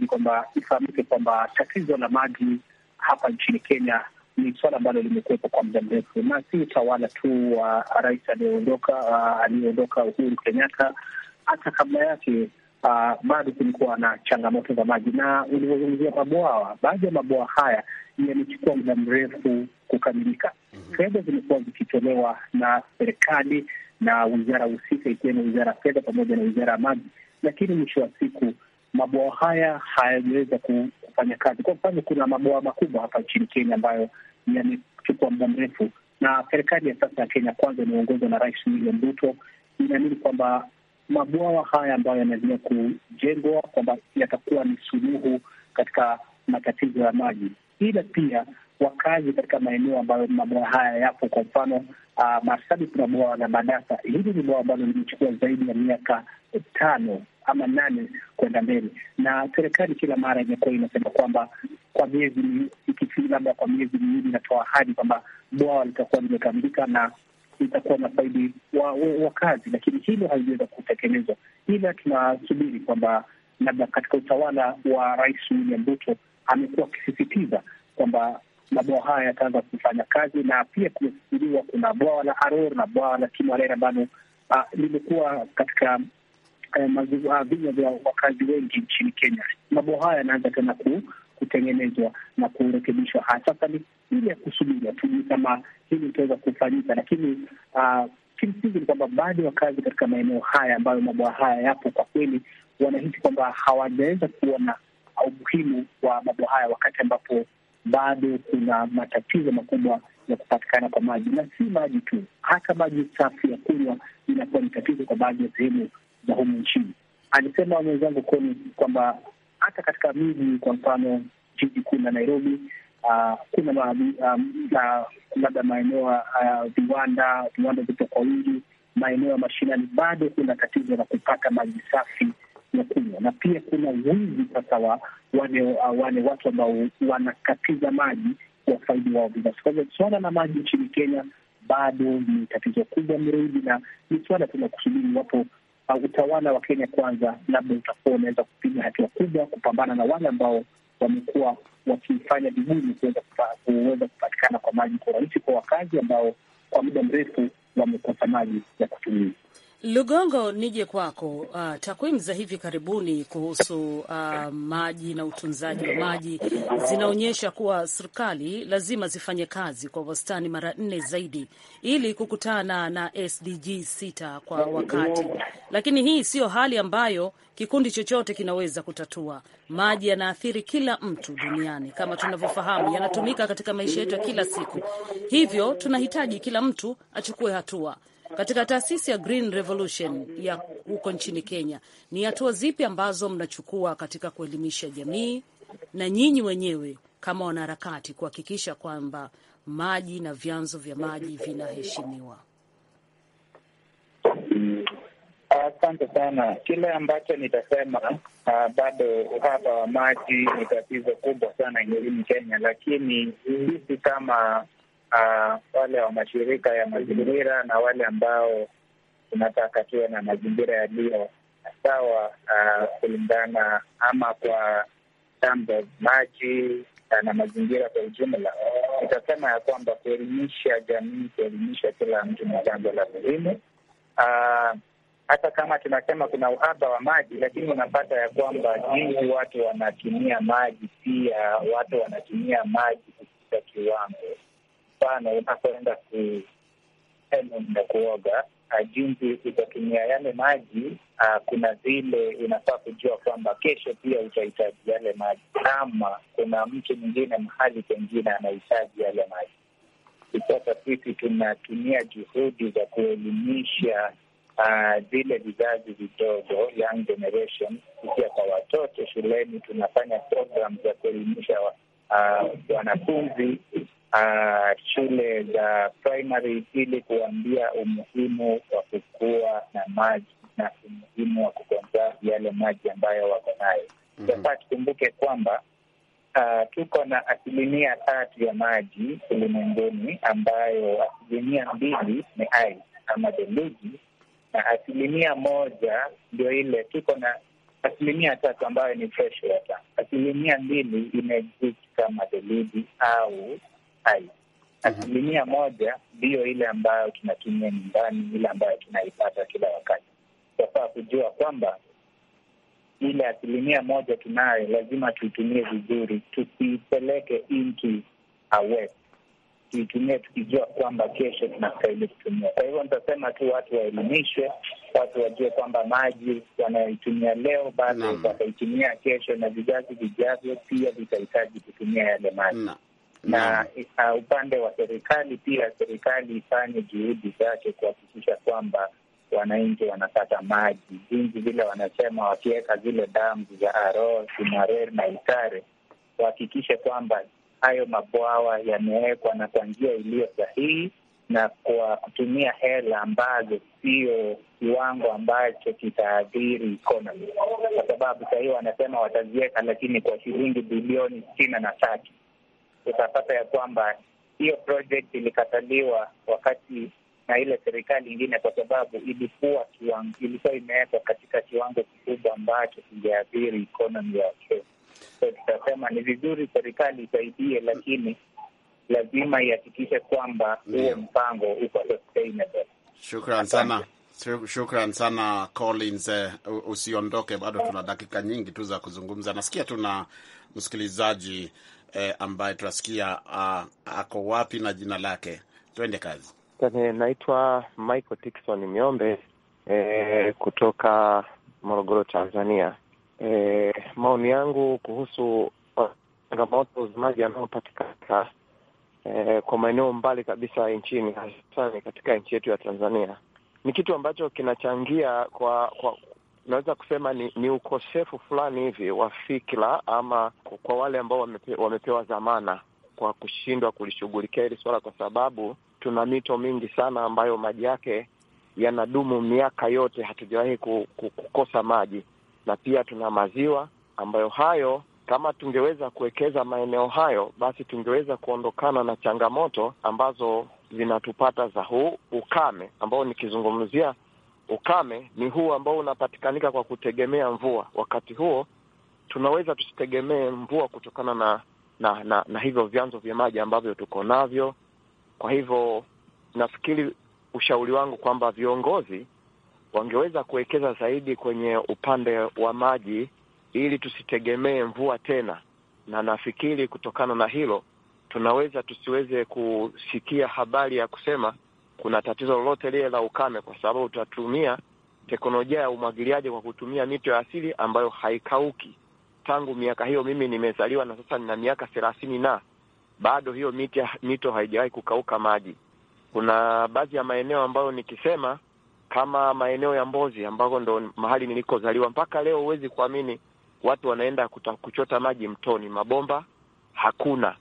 Ni kwamba ifahamike kwamba tatizo la maji hapa nchini Kenya ni swala ambalo limekuwepo kwa muda mrefu, na si utawala tu wa uh, rais aliyeondoka uh, aliyeondoka Uhuru Kenyatta, hata kabla yake uh, bado kulikuwa na changamoto za maji, na ulivyozungumzia mabwawa, baadhi ya mabwawa haya yamechukua muda mrefu kukamilika. Mhm. Fedha zimekuwa zikitolewa na serikali na wizara husika, ikiwemo wizara ya fedha pamoja na wizara ya maji, lakini mwisho wa siku mabwawa haya hayajaweza kufanya kazi. Kwa mfano, kuna mabwawa makubwa hapa nchini Kenya ambayo yamechukua muda mrefu, na serikali ya sasa ya Kenya Kwanza inayoongozwa na Rais William Ruto inaamini kwamba mabwawa haya ambayo yanaendelea kujengwa kwamba yatakuwa ni suluhu katika matatizo ya maji, ila pia wakazi katika maeneo ambayo mabwawa haya yapo. Kwa mfano uh, Marsabit kuna bwawa la Madasa. Hili ni bwawa ambalo limechukua zaidi ya miaka tano ama nane kwenda mbele, na serikali kila mara imekuwa inasema kwamba kwa miezi labda kwa miezi miwili inatoa ahadi kwamba bwawa litakuwa limekamilika na itakuwa na faidi wakazi wa, wa lakini hilo haliweza kutekelezwa, ila tunasubiri kwamba labda katika utawala wa Rais William Ruto amekuwa akisisitiza kwamba mabwawa haya yataanza kufanya kazi, na pia kumesisitiziwa kuna bwawa la Aror na bwawa la Kimarere ambalo limekuwa katika eh, vinywa vya wakazi wengi nchini Kenya. Mabwawa haya yanaanza tena kutengenezwa na kurekebishwa, ni ile ya kusubiria tujui kama hili litaweza kufanyika, lakini uh, kimsingi ni kwamba baadhi ya wakazi katika maeneo haya ambayo mabwawa haya yapo, kwa kweli wanahisi kwamba hawajaweza kuona umuhimu wa mabwawa haya wakati ambapo bado kuna matatizo makubwa ya kupatikana kwa maji, na si maji tu, hata maji safi ya kunywa inakuwa ni tatizo kwa baadhi ya sehemu za humu nchini. Alisema mwenzangu Koni kwamba hata katika miji, kwa mfano jiji kuu la Nairobi, uh, kuna ah, labda maeneo ya ah, viwanda, viwanda vipo kwa wingi, maeneo ya mashinani, bado kuna tatizo la kupata maji safi ya kunywa, na pia kuna wingi sasa wa wale watu ambao wanakatiza maji wafaidi wao binafsi. Kwa hivyo suala la maji nchini Kenya bado ni tatizo kubwa mrudi, na ni suala tunakusubiri iwapo uh, utawala wa Kenya Kwanza labda utakuwa unaweza kupiga hatua kubwa kupambana na wale ambao wamekuwa wakifanya vigumu kuweza kupatikana kwa maji kwa urahisi kwa wakazi ambao kwa muda mrefu wamekosa maji ya kutumia. Lugongo, nije kwako. Uh, takwimu za hivi karibuni kuhusu uh, maji na utunzaji wa maji zinaonyesha kuwa serikali lazima zifanye kazi kwa wastani mara nne zaidi ili kukutana na SDG sita kwa wakati, lakini hii siyo hali ambayo kikundi chochote kinaweza kutatua. Maji yanaathiri kila mtu duniani, kama tunavyofahamu, yanatumika katika maisha yetu ya kila siku, hivyo tunahitaji kila mtu achukue hatua katika taasisi ya Green Revolution ya huko nchini Kenya, ni hatua zipi ambazo mnachukua katika kuelimisha jamii na nyinyi wenyewe kama wanaharakati kuhakikisha kwamba maji na vyanzo vya maji vinaheshimiwa? Asante sana. Kile ambacho nitasema uh, bado uhaba wa maji ni tatizo kubwa sana nchini Kenya, lakini sisi kama uh, wale wa mashirika ya mazingira na wale ambao tunataka tuwe na mazingira yaliyo sawa uh, kulingana ama kwa terms maji na mazingira kwa ujumla. itasema ya kwamba kuelimisha jamii, kuelimisha kila mtu ni jambo la muhimu. Uh, hata kama tunasema kuna uhaba wa maji, lakini unapata ya kwamba jinsi watu wanatumia maji, pia watu wanatumia maji kupita kiwango mfano unapoenda na yaani kuoga ah, jinsi utatumia yale yaani maji. Ah, kuna vile unafaa kujua kwamba kesho pia utahitaji yale maji, kama kuna mtu mwingine mahali pengine anahitaji yale maji. Sasa sisi tunatumia juhudi za kuelimisha zile ah, uh, vizazi vidogo, young generation, kupitia kwa watoto shuleni. Tunafanya program za kuelimisha wanafunzi uh, shule za primary ili kuambia umuhimu wa kukua na maji na umuhimu wa kukonserve yale maji ambayo wako nayo. Mhm. Sasa tukumbuke kwamba uh, tuko na asilimia tatu ya maji ulimwenguni, ambayo asilimia mbili ni ice ama theluji, na asilimia moja ndio ile tuko na asilimia tatu ambayo ni fresh water. Asilimia mbili imejiki kama au hai. Asilimia mhm. moja ndiyo ile ambayo tunatumia nyumbani, ile ambayo tunaipata kila wakati. Tunafaa kujua kwamba ile asilimia moja tunayo, lazima tuitumie vizuri, tusipeleke into a tuitumie tukijua kwamba kesho tunastahili kutumia. Kwa hivyo nitasema tu watu waelimishwe, watu wajue kwamba maji wanayoitumia leo bado wataitumia kesho, na vizazi vijavyo pia vitahitaji kutumia yale maji na e, uh, upande wa serikali pia, serikali ifanye juhudi zake kuhakikisha kwamba wananchi wanapata maji, jinsi vile wanasema wakiweka zile damu za Aro, Simarer na Itare, wahakikishe kwamba hayo mabwawa yamewekwa na kwa njia iliyo sahihi na kwa kutumia hela ambazo sio kiwango ambacho kitaadhiri ekonomi, kwa sababu sahii wanasema wataziweka, lakini kwa shilingi bilioni sitini na tatu utapata ya kwamba hiyo project ilikataliwa wakati na ile serikali ingine, kwa sababu ilikuwa kiwango, ilikuwa imewekwa katika kiwango kikubwa ambacho kingeathiri ikonomi ya Kenya. So tutasema ni vizuri serikali isaidie, lakini lazima ihakikishe kwamba huo mpango uko sustainable. Shukran sana. Shukran sana Collins, eh, usiondoke, bado tuna dakika nyingi tu za kuzungumza. Nasikia tuna msikilizaji eh, ambaye tunasikia ah, ako wapi na jina lake. Twende kazi. Naitwa Michael Tikson Miombe eh, kutoka Morogoro, Tanzania. Eh, maoni yangu kuhusu ah, changamoto za maji yanayopatikana eh, kwa maeneo mbali kabisa nchini, hasa katika nchi yetu ya Tanzania ni kitu ambacho kinachangia kwa kwa naweza kusema ni, ni ukosefu fulani hivi wa fikra ama kwa wale ambao wamepe, wamepewa dhamana kwa kushindwa kulishughulikia hili swala, kwa sababu tuna mito mingi sana ambayo maji yake yanadumu miaka yote, hatujawahi kukosa maji, na pia tuna maziwa ambayo hayo kama tungeweza kuwekeza maeneo hayo, basi tungeweza kuondokana na changamoto ambazo zinatupata za huu ukame ambao nikizungumzia ukame ni huu ambao unapatikanika kwa kutegemea mvua. Wakati huo tunaweza tusitegemee mvua kutokana na na, na, na hivyo vyanzo vya maji ambavyo tuko navyo. Kwa hivyo nafikiri ushauri wangu kwamba viongozi wangeweza kuwekeza zaidi kwenye upande wa maji ili tusitegemee mvua tena, na nafikiri kutokana na hilo tunaweza tusiweze kusikia habari ya kusema kuna tatizo lolote lile la ukame, kwa sababu utatumia teknolojia ya umwagiliaji kwa kutumia mito ya asili ambayo haikauki. Tangu miaka hiyo mimi nimezaliwa na sasa nina miaka thelathini na bado hiyo mito, mito haijawahi kukauka maji. Kuna baadhi ya maeneo ambayo nikisema kama maeneo ya Mbozi ambako ndo mahali nilikozaliwa, mpaka leo huwezi kuamini, watu wanaenda kuta, kuchota maji mtoni, mabomba hakuna,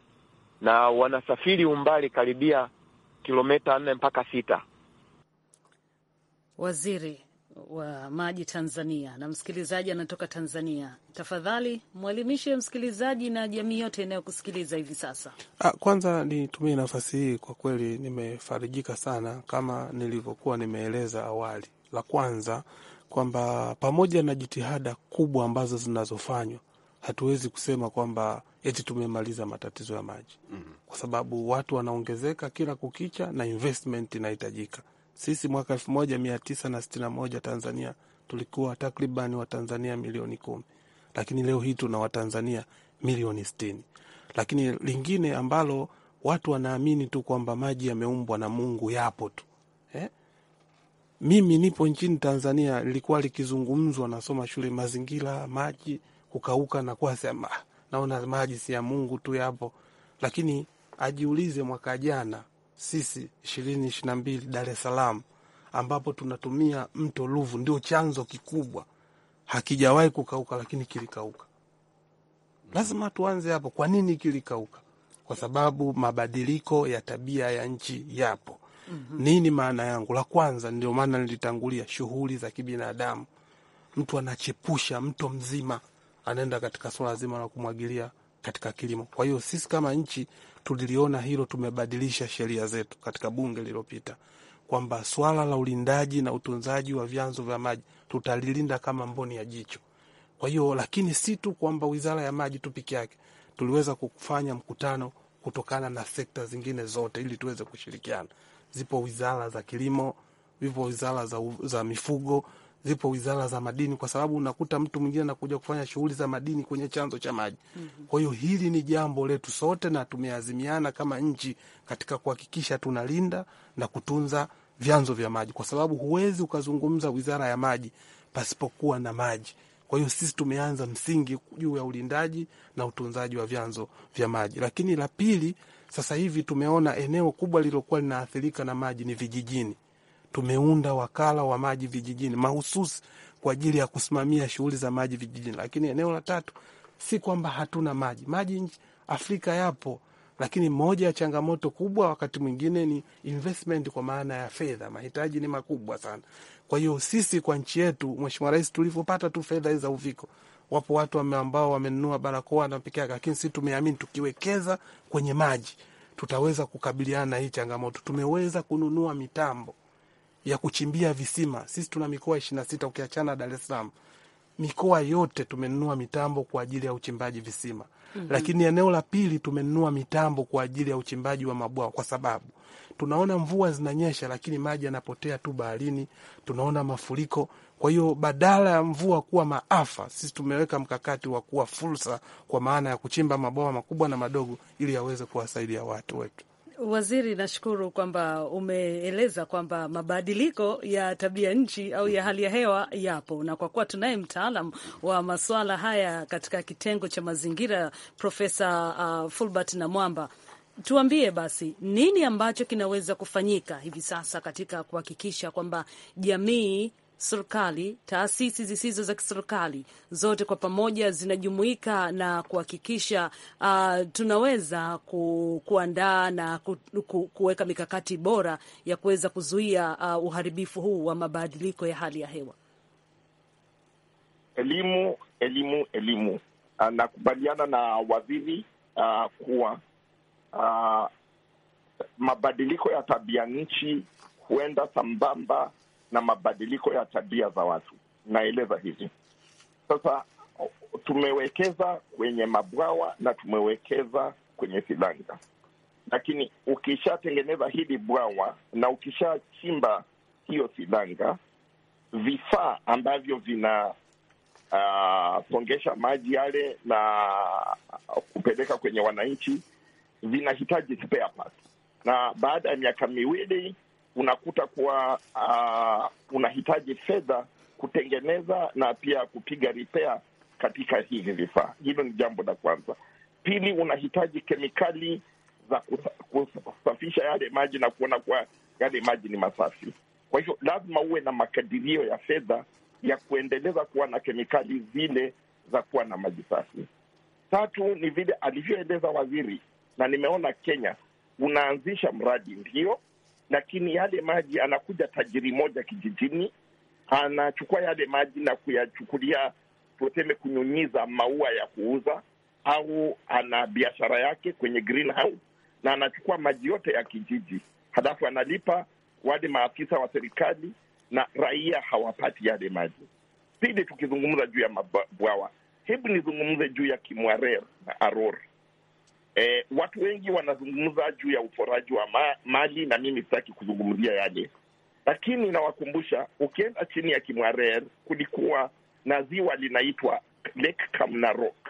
na wanasafiri umbali karibia kilomita nne mpaka sita. Waziri wa maji Tanzania na msikilizaji anatoka Tanzania, tafadhali mwalimishe msikilizaji na jamii yote inayokusikiliza hivi sasa. Ah, kwanza nitumie nafasi hii, kwa kweli nimefarijika sana kama nilivyokuwa nimeeleza awali, la kwanza kwamba pamoja na jitihada kubwa ambazo zinazofanywa hatuwezi kusema kwamba eti tumemaliza matatizo ya maji mm -hmm. kwa sababu watu wanaongezeka kila kukicha na investment inahitajika. Sisi mwaka elfu moja mia tisa na sitini na moja Tanzania tulikuwa takriban Watanzania milioni kumi, lakini leo hii tuna Watanzania milioni sitini. Lakini lingine ambalo watu wanaamini tu kwamba maji yameumbwa na Mungu, yapo tu eh? Mimi nipo nchini Tanzania, lilikuwa likizungumzwa, nasoma shule, mazingira, maji kukauka na kuwa sema naona maji si ya Mungu tu yapo, lakini ajiulize mwaka jana sisi ishirini ishirini na mbili Dar es Salaam ambapo tunatumia mto Ruvu ndio chanzo kikubwa, hakijawahi kukauka, lakini kilikauka. Lazima tuanze hapo. Kwa nini kilikauka? Kwa sababu mabadiliko ya tabia ya nchi yapo. mm -hmm. Nini maana yangu? La kwanza, ndio maana nilitangulia, shughuli za kibinadamu, mtu anachepusha mto mzima anaenda katika suala zima la kumwagilia katika kilimo. Kwa hiyo sisi kama nchi tuliliona hilo, tumebadilisha sheria zetu katika bunge lililopita kwamba swala la ulindaji na utunzaji wa vyanzo vya maji tutalilinda kama mboni ya jicho. Kwa hiyo lakini si tu kwamba wizara ya maji tu peke yake, tuliweza kufanya mkutano kutokana na sekta zingine zote ili tuweze kushirikiana. Zipo wizara za kilimo, vipo wizara za, za mifugo zipo wizara za madini, kwa sababu unakuta mtu mwingine anakuja kufanya shughuli za madini kwenye chanzo cha maji. Mhm. Kwa hiyo hili ni jambo letu sote, na tumeazimiana kama nchi katika kuhakikisha tunalinda na kutunza vyanzo vya maji, kwa sababu huwezi ukazungumza wizara ya maji pasipokuwa na maji. Kwa hiyo sisi tumeanza msingi juu ya ulindaji na utunzaji wa vyanzo vya maji. Lakini la pili, sasa hivi tumeona eneo kubwa lililokuwa linaathirika na maji ni vijijini tumeunda wakala wa maji vijijini mahususi kwa ajili ya kusimamia shughuli za maji vijijini. Lakini eneo la tatu, si kwamba hatuna maji, maji Afrika yapo, lakini moja ya changamoto kubwa wakati mwingine ni investment, kwa maana ya fedha. Mahitaji ni makubwa sana. Kwa hiyo sisi kwa nchi yetu, Mheshimiwa Rais, tulivyopata tu fedha hizi za uviko wapo watu ambao wamenunua barakoa na wanapekea, lakini sisi tumeamini tukiwekeza kwenye maji tutaweza kukabiliana na hii changamoto. Tumeweza kununua mitambo ya kuchimbia visima. Sisi tuna mikoa ishirini na sita ukiachana Dar es Salaam, mikoa yote tumenunua mitambo kwa ajili ya uchimbaji visima. mm -hmm. Lakini eneo la pili tumenunua mitambo kwa ajili ya uchimbaji wa mabwawa, kwa sababu tunaona mvua zinanyesha, lakini maji yanapotea tu baharini, tunaona mafuriko. Kwa hiyo badala ya mvua kuwa maafa, sisi tumeweka mkakati wa kuwa fursa, kwa maana ya kuchimba mabwawa makubwa na madogo, ili yaweze kuwasaidia watu wetu. Waziri, nashukuru kwamba umeeleza kwamba mabadiliko ya tabia nchi au ya hali ya hewa yapo, na kwa kuwa tunaye mtaalam wa masuala haya katika kitengo cha mazingira Profesa uh, Fulbert na Mwamba, tuambie basi nini ambacho kinaweza kufanyika hivi sasa katika kuhakikisha kwamba jamii serikali, taasisi zisizo za kiserikali, zote kwa pamoja zinajumuika na kuhakikisha uh, tunaweza ku, kuandaa na ku, ku, kuweka mikakati bora ya kuweza kuzuia uh, uharibifu huu wa mabadiliko ya hali ya hewa. Elimu, elimu, elimu. Ah, nakubaliana na waziri uh, kuwa uh, mabadiliko ya tabia nchi huenda sambamba na mabadiliko ya tabia za watu. Naeleza hivi sasa, tumewekeza kwenye mabwawa na tumewekeza kwenye silanga, lakini ukishatengeneza hili bwawa na ukishachimba hiyo silanga, vifaa ambavyo vina ah, songesha maji yale na kupeleka kwenye wananchi vinahitaji spare parts, na baada ya miaka miwili unakuta kuwa uh, unahitaji fedha kutengeneza na pia kupiga ripea katika hivi vifaa. Hilo ni jambo la kwanza. Pili, unahitaji kemikali za kusafisha yale maji na kuona kuwa yale maji ni masafi. Kwa hivyo lazima uwe na makadirio ya fedha ya kuendeleza kuwa na kemikali zile za kuwa na maji safi. Tatu ni vile alivyoeleza waziri, na nimeona Kenya unaanzisha mradi ndio lakini yale maji anakuja tajiri moja kijijini anachukua yale maji na kuyachukulia tuseme, kunyunyiza maua ya kuuza, au ana biashara yake kwenye greenhouse, na anachukua maji yote ya kijiji, halafu analipa wale maafisa wa serikali na raia hawapati yale maji. Pili, tukizungumza juu ya mabwawa, hebu nizungumze juu ya Kimwarer na Aror. Eh, watu wengi wanazungumza juu ya uporaji wa ma mali na mimi sitaki kuzungumzia yale, lakini nawakumbusha, ukienda chini ya Kimwarer kulikuwa na ziwa linaitwa Lake Kamnarok,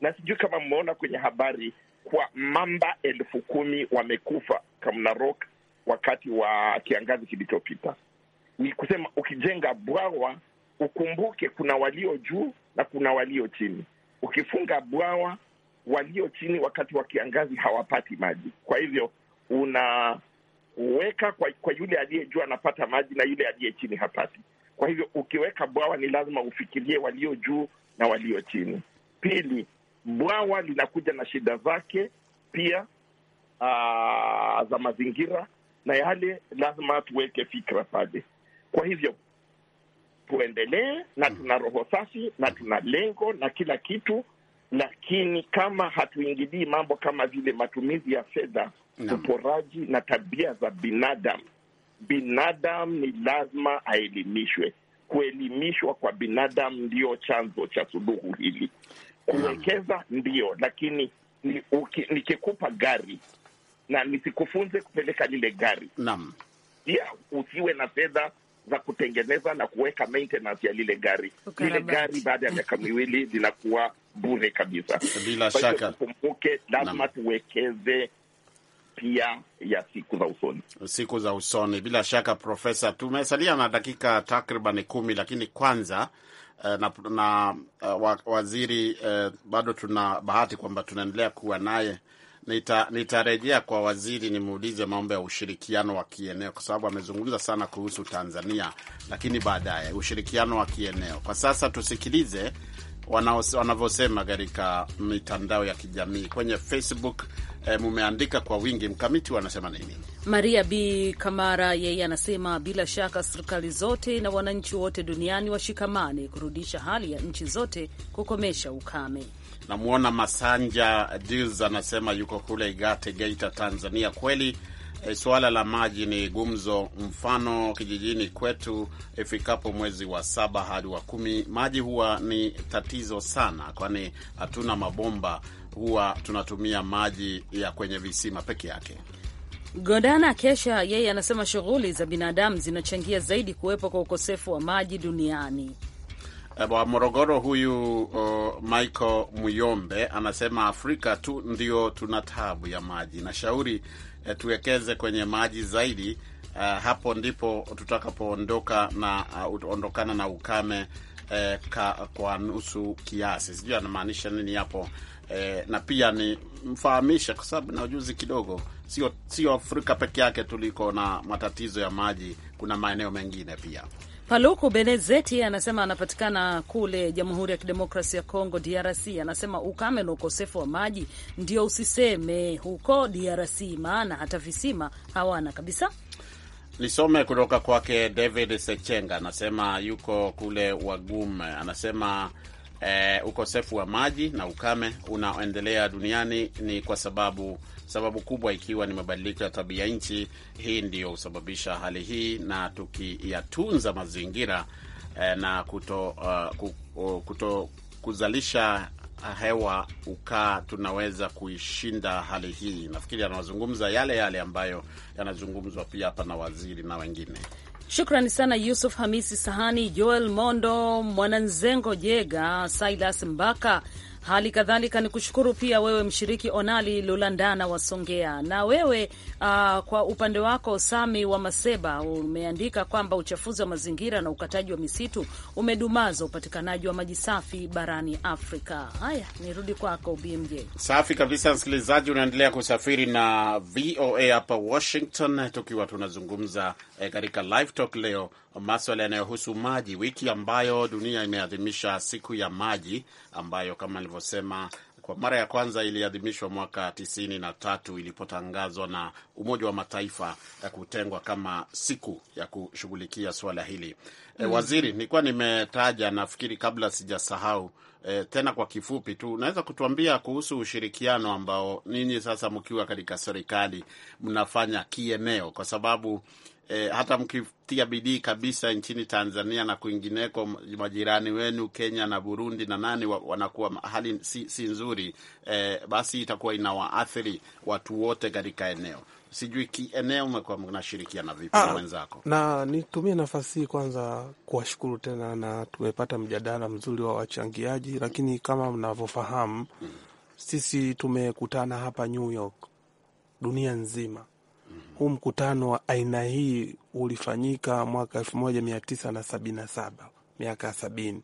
na sijui kama mmeona kwenye habari kwa mamba elfu kumi wamekufa Kamnarok wakati wa kiangazi kilichopita. Ni kusema ukijenga bwawa ukumbuke kuna walio juu na kuna walio chini. Ukifunga bwawa walio chini wakati wa kiangazi hawapati maji. Kwa hivyo unaweka kwa, kwa yule aliye juu anapata maji na yule aliye chini hapati. Kwa hivyo ukiweka bwawa ni lazima ufikirie walio juu na walio chini. Pili, bwawa linakuja na shida zake pia aa, za mazingira na yale lazima tuweke fikra pale. Kwa hivyo tuendelee na tuna roho safi na tuna lengo na kila kitu lakini kama hatuingilii mambo kama vile matumizi ya fedha, uporaji na tabia za binadamu, binadamu ni lazima aelimishwe. Kuelimishwa kwa binadamu ndiyo chanzo cha suluhu hili. Kuwekeza ndio lakini ni, uki, nikikupa gari na nisikufunze kupeleka lile gari, naam, pia usiwe na fedha za kutengeneza na kuweka maintenance ya lile gari Lile gari baada ya miaka miwili [LAUGHS] linakuwa bure kabisa. Bila shaka kumbuke lazima tuwekeze pia ya siku za usoni, siku za usoni. Bila shaka Profesa, tumesalia na dakika takriban kumi, lakini kwanza eh, na, na eh, waziri eh, bado tuna bahati kwamba tunaendelea kuwa naye nita, nitarejea kwa waziri nimuulize mambo ya ushirikiano wa kieneo kwa sababu amezungumza sana kuhusu Tanzania, lakini baadaye ushirikiano wa kieneo. Kwa sasa tusikilize wanavyosema katika mitandao ya kijamii kwenye Facebook. E, mumeandika kwa wingi. Mkamiti wanasema nini? Maria B Kamara yeye anasema bila shaka serikali zote na wananchi wote duniani washikamane kurudisha hali ya nchi zote, kukomesha ukame. Namwona Masanja Dils anasema yuko kule Igate, Geita, Tanzania. Kweli e, eh, suala la maji ni gumzo. Mfano kijijini kwetu, ifikapo mwezi wa saba hadi wa kumi, maji huwa ni tatizo sana, kwani hatuna mabomba, huwa tunatumia maji ya kwenye visima peke yake. Godana Kesha yeye anasema shughuli za binadamu zinachangia zaidi kuwepo kwa ukosefu wa maji duniani. Eh, wa Morogoro huyu uh, Michael Muyombe anasema Afrika tu ndio tuna tabu ya maji na shauri eh, tuwekeze kwenye maji zaidi. Uh, hapo ndipo tutakapoondoka na uh, ondokana na ukame eh, ka, kwa nusu kiasi. Sijui anamaanisha nini hapo eh, na pia ni mfahamisha kwa sababu na ujuzi kidogo, sio sio Afrika peke yake tuliko na matatizo ya maji, kuna maeneo mengine pia. Paluku Benezeti anasema anapatikana kule Jamhuri ya Kidemokrasi ya Kongo, DRC. Anasema ukame na ukosefu wa maji ndio usiseme huko DRC, maana hata visima hawana kabisa. Lisome kutoka kwake David Sechenga, anasema yuko kule Wagume, anasema eh, ukosefu wa maji na ukame unaoendelea duniani ni kwa sababu sababu kubwa ikiwa ni mabadiliko ya tabia nchi. Hii ndiyo husababisha hali hii, na tukiyatunza mazingira eh, na kuto, uh, ku, uh, kuto kuzalisha hewa ukaa, tunaweza kuishinda hali hii. Nafikiri anazungumza yale yale ambayo yanazungumzwa pia hapa na waziri na wengine. Shukrani sana Yusuf Hamisi Sahani, Joel Mondo, Mwananzengo Jega, Silas Mbaka Hali kadhalika ni kushukuru pia wewe mshiriki Onali Lulandana wa Songea na wewe uh, kwa upande wako Sami wa Maseba umeandika kwamba uchafuzi wa mazingira na ukataji wa misitu umedumaza upatikanaji wa maji safi barani Afrika. Haya, nirudi kwako BMJ. Safi kabisa, msikilizaji, unaendelea kusafiri na VOA hapa Washington, tukiwa tunazungumza eh, katika eh, Live Talk leo maswala yanayohusu maji, wiki ambayo dunia imeadhimisha siku ya maji ambayo kama nilivyosema kwa mara ya kwanza iliadhimishwa mwaka tisini na tatu ilipotangazwa na Umoja wa Mataifa ya kutengwa kama siku ya kushughulikia suala hili. Eh, mm. E, waziri, nilikuwa nimetaja, nafikiri kabla sijasahau, e, tena kwa kifupi tu, unaweza kutuambia kuhusu ushirikiano ambao ninyi sasa mkiwa katika serikali mnafanya kieneo, kwa sababu e, hata mkitia bidii kabisa nchini Tanzania na kwingineko, majirani wenu Kenya na Burundi na nani wanakuwa hali si, si nzuri e, basi itakuwa inawaathiri watu wote katika eneo. Sijui kieneo umekuwa mnashirikiana vipi na ah, wenzako? Na nitumie nafasi hii kwanza kuwashukuru tena, na tumepata mjadala mzuri wa wachangiaji, lakini kama mnavyofahamu, hmm, sisi tumekutana hapa New York, dunia nzima huu mkutano wa aina hii ulifanyika mwaka elfu moja mia tisa na sabini na saba miaka sabini,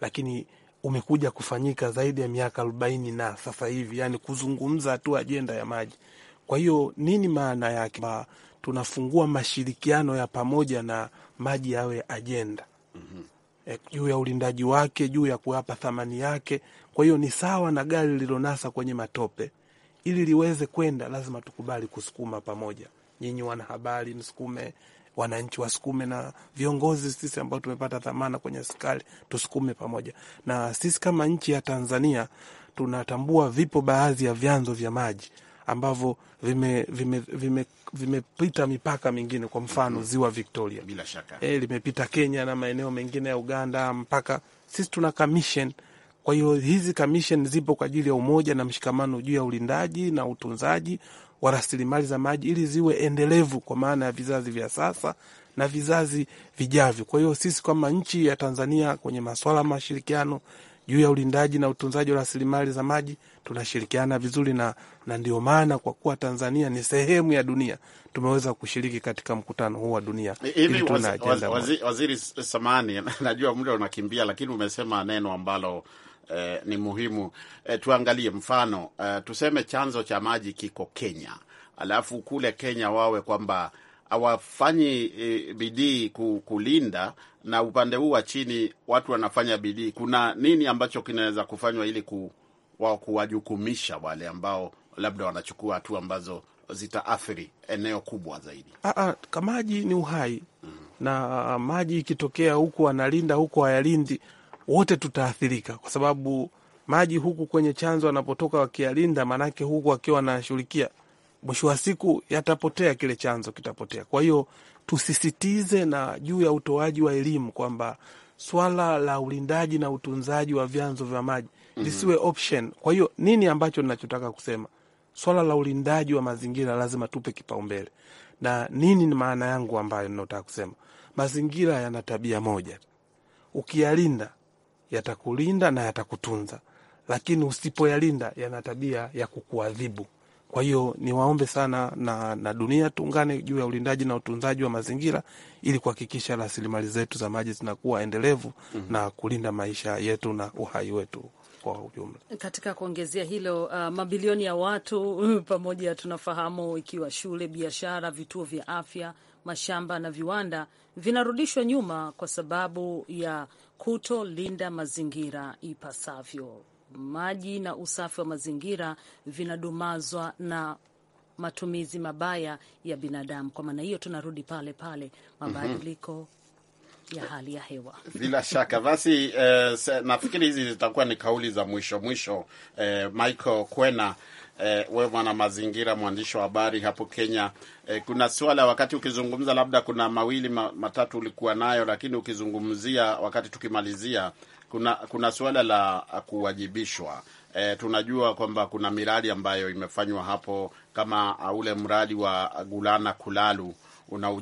lakini umekuja kufanyika zaidi ya miaka arobaini na sasa hivi, yani kuzungumza tu ajenda ya maji. Kwa hiyo nini maana yake? Tunafungua mashirikiano ya pamoja na maji yawe ajenda mm -hmm. e, juu ya ulindaji wake, juu ya kuyapa thamani yake. Kwa hiyo ni sawa na gari lilonasa kwenye matope, ili liweze kwenda lazima tukubali kusukuma pamoja nyinyi wanahabari msukume, wananchi wasukume, na viongozi sisi ambao tumepata dhamana kwenye serikali tusukume pamoja. Na sisi kama nchi ya Tanzania tunatambua vipo baadhi ya vyanzo vya maji ambavyo vimepita vime, vime, vime mipaka mingine. Kwa mfano mm-hmm. ziwa Victoria bila shaka e, limepita Kenya na maeneo mengine ya Uganda mpaka sisi tuna kamishen. Kwa hiyo hizi kamishen zipo kwa ajili ya umoja na mshikamano juu ya ulindaji na utunzaji wa rasilimali za maji ili ziwe endelevu kwa maana ya vizazi vya sasa na vizazi vijavyo. Kwa hiyo sisi kama nchi ya Tanzania kwenye masuala ya mashirikiano juu ya ulindaji na utunzaji wa rasilimali za maji tunashirikiana vizuri na, na ndio maana kwa kuwa Tanzania ni sehemu ya dunia tumeweza kushiriki katika mkutano huu wa dunia. Hivi waz, waz, waziri samani, [LAUGHS] najua muda unakimbia, lakini umesema neno ambalo eh, ni muhimu eh, tuangalie mfano eh, tuseme chanzo cha maji kiko Kenya, alafu kule Kenya wawe kwamba hawafanyi eh, bidii kulinda na upande huu wa chini watu wanafanya bidii. Kuna nini ambacho kinaweza kufanywa ili ku, wa kuwajukumisha wale ambao labda wanachukua hatua ambazo zitaathiri eneo kubwa zaidi? Aa, ah, ah, kamaji ni uhai mm. na maji ikitokea huku analinda huku hayalindi wote tutaathirika, kwa sababu maji huku kwenye chanzo anapotoka wakiyalinda, maanake huku akiwa anashughulikia, mwisho wa siku yatapotea, kile chanzo kitapotea. Kwa hiyo tusisitize na juu ya utoaji wa elimu kwamba swala la ulindaji na utunzaji wa vyanzo vya maji mm -hmm. lisiwe option. Kwa hiyo nini ambacho ninachotaka kusema, swala la ulindaji wa mazingira lazima tupe kipaumbele, na nini ni maana yangu ambayo ninataka kusema, mazingira yana tabia moja, ukiyalinda yatakulinda na yatakutunza, lakini usipoyalinda yana tabia ya kukuadhibu. Kwa hiyo niwaombe sana na, na dunia tuungane juu ya ulindaji na utunzaji wa mazingira ili kuhakikisha rasilimali zetu za maji zinakuwa endelevu mm -hmm. na kulinda maisha yetu na uhai wetu kwa ujumla. Katika kuongezea hilo, uh, mabilioni ya watu uh, pamoja, tunafahamu ikiwa shule, biashara, vituo vya afya, mashamba na viwanda vinarudishwa nyuma kwa sababu ya kutolinda mazingira ipasavyo. Maji na usafi wa mazingira vinadumazwa na matumizi mabaya ya binadamu. Kwa maana hiyo, tunarudi pale pale mabadiliko mm -hmm ya hali ya hewa bila shaka basi. Eh, nafikiri hizi zitakuwa ni kauli za mwisho mwisho. Eh, Michael Kwena eh, mwana mazingira, mwandishi wa habari hapo Kenya, eh, kuna swala wakati ukizungumza, labda kuna mawili ma, matatu ulikuwa nayo, lakini ukizungumzia wakati tukimalizia, kuna kuna suala la kuwajibishwa. Eh, tunajua kwamba kuna miradi ambayo imefanywa hapo kama ule mradi wa Gulana Kulalu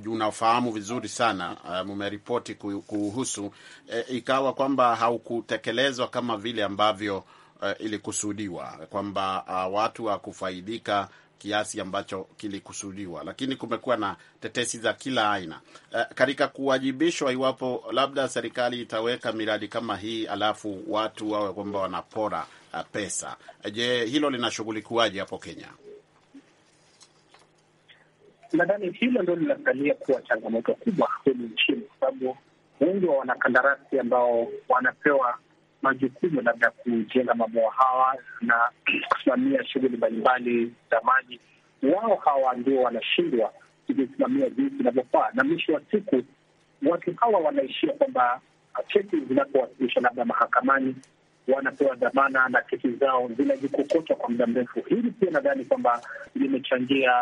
unaofahamu vizuri sana eh, mmeripoti kuhusu, eh, ikawa kwamba haukutekelezwa kama vile ambavyo uh, ilikusudiwa kwamba uh, watu wakufaidika kiasi ambacho kilikusudiwa, lakini kumekuwa na tetesi za kila aina uh, katika kuwajibishwa, iwapo labda serikali itaweka miradi kama hii alafu watu wawe kwamba wanapora uh, pesa. Je, hilo linashughulikiwaje hapo Kenya? Nadhani hilo ndo linasalia kuwa changamoto kubwa kwenye nchini, kwa sababu wengi wa wanakandarasi ambao wanapewa majukumu labda kujenga mabwawa hawa na [CLEARS THROAT] kusimamia shughuli mbalimbali za maji, wao hawa ndio wanashindwa kuzisimamia jinsi inavyofaa, na mwisho wa siku watu hawa wanaishia kwamba kesi zinapowasilishwa labda mahakamani, wanapewa dhamana na kesi zao zinajikokotwa kwa muda mrefu. Hili pia nadhani kwamba limechangia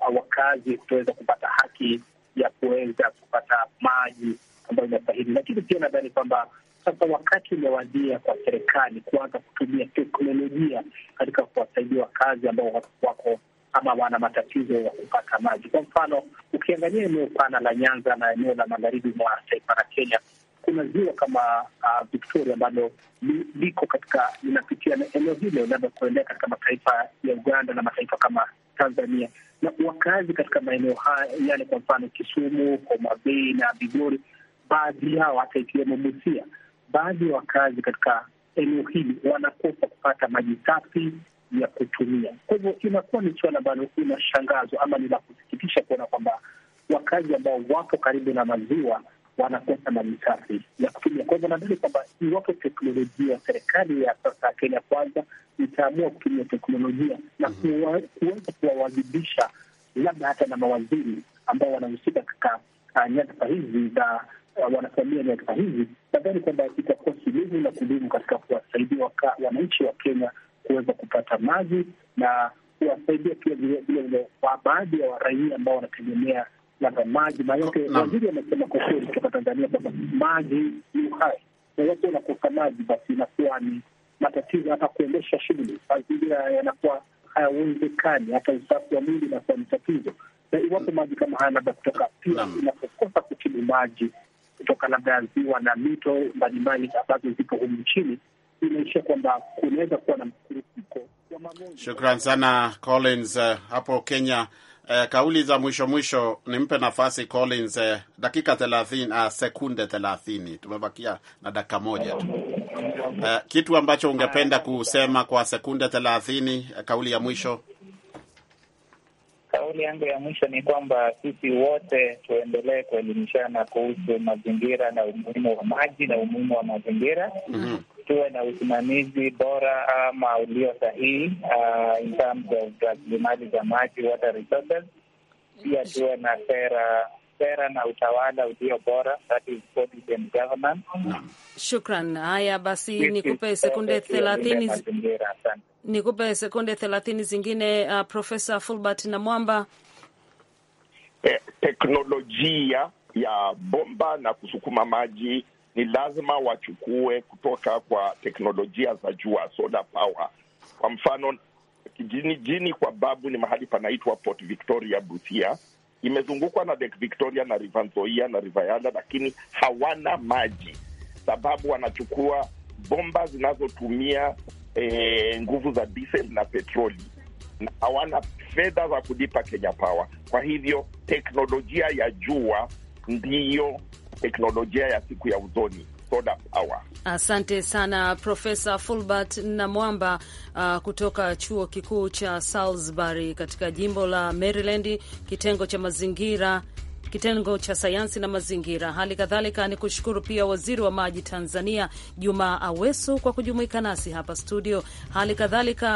uh, wakazi kutoweza kupata haki ya kuweza kupata maji ambayo inastahili, lakini pia nadhani kwamba sasa wakati umewadia kwa serikali kuanza kutumia teknolojia katika kuwasaidia wakazi ambao wako ama wana matatizo ya kupata maji. Kwa mfano, ukiangalia eneo pana la Nyanza na eneo la magharibi mwa taifa la Kenya, kuna ziwa kama uh, Victoria ambalo liko katika linapitia eneo hilo labda kuendea katika mataifa ya Uganda na mataifa kama Tanzania, na wakazi katika maeneo haya yale, kwa mfano Kisumu, Homa Bay na vigori baadhi yao hata ikiwemo Busia baadhi ya wakazi katika eneo hili wanakosa kupata maji safi ya kutumia. Kwa hivyo inakuwa ni suala ambalo inashangazwa ama ni la kusikitisha kuona kwamba wakazi ambao wapo karibu na maziwa wanakosa maji safi ya kutumia. Kwa hivyo nadhani kwamba iwapo teknolojia serikali ya sasa ya Kenya Kwanza itaamua kutumia teknolojia na mm kuweza kuwawajibisha labda hata na mawaziri ambao wanahusika katika uh, nyadhifa hizi za wanasamia miaka hizi, nadhani kwamba itakuwa suluhu la kudumu katika kuwasaidia wananchi wa Kenya kuweza kupata maji na kuwasaidia pia vilevile wa baadhi ya waraia ambao wanategemea labda maji. Maanake waziri amesema kwa kweli kutoka Tanzania kwamba maji ni uhai, na unakosa maji, basi inakuwa ni matatizo hata kuendesha shughuli, mazingira yanakuwa hayawezekani, hata usafi wa mwili inakuwa ni tatizo. Na iwapo maji kama haya labda kutoka pia inapokosa kutibu maji kutoka labda ziwa na mito mbalimbali ambazo zipo humu nchini, inaonyesha kwamba kunaweza kuwa na mkurupuko wa magonjwa. Shukran sana Collins, uh, hapo Kenya. Uh, kauli za mwisho mwisho, nimpe nafasi Collins, uh, dakika thelathini, uh, sekunde thelathini. Tumebakia na dakika moja tu. Uh, kitu ambacho ungependa kusema kwa sekunde thelathini, uh, kauli ya mwisho Kauli yangu ya mwisho ni kwamba sisi wote tuendelee kuelimishana kuhusu mazingira na umuhimu wa maji na umuhimu wa mazingira mm -hmm. Tuwe na usimamizi bora ama ulio sahihi uh, in terms of rasilimali za maji water resources. Pia tuwe na sera sera na utawala ulio bora, that is Shukran. Haya basi, nikupe sekunde thelathini nikupe sekunde thelathini zingine uh, Profesa Fulbert na Mwamba. Eh, teknolojia ya bomba na kusukuma maji ni lazima wachukue kutoka kwa teknolojia za jua, solar power. Kwa mfano kijinijini kwa babu ni mahali panaitwa Port Victoria Busia imezungukwa na Lake Victoria na River Nzoia na River Yala, lakini hawana maji sababu wanachukua bomba zinazotumia eh, nguvu za diesel na petroli na hawana fedha za kulipa Kenya Power. Kwa hivyo teknolojia ya jua ndiyo teknolojia ya siku ya usoni. Asante sana Profesa Fulbert na Mwamba uh, kutoka chuo kikuu cha Salisbury katika jimbo la Maryland, kitengo cha mazingira kitengo cha sayansi na mazingira. Hali kadhalika ni kushukuru pia waziri wa maji Tanzania Jumaa awesu kwa kujumuika nasi hapa studio. Hali kadhalika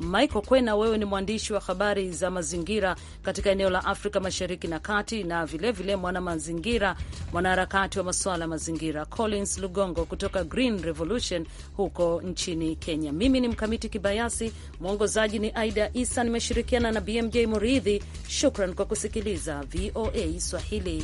Michael Kwena, wewe ni mwandishi wa habari za mazingira katika eneo la Afrika Mashariki na Kati, na vilevile mazingira, mwanaharakati wa masuala ya mazingira Collins Lugongo kutoka Green Revolution huko nchini Kenya. Mimi ni Mkamiti Kibayasi, mwongozaji ni Aida Isa, nimeshirikiana na BMJ Muridhi. Shukran kwa kusikiliza VOA. Kiswahili.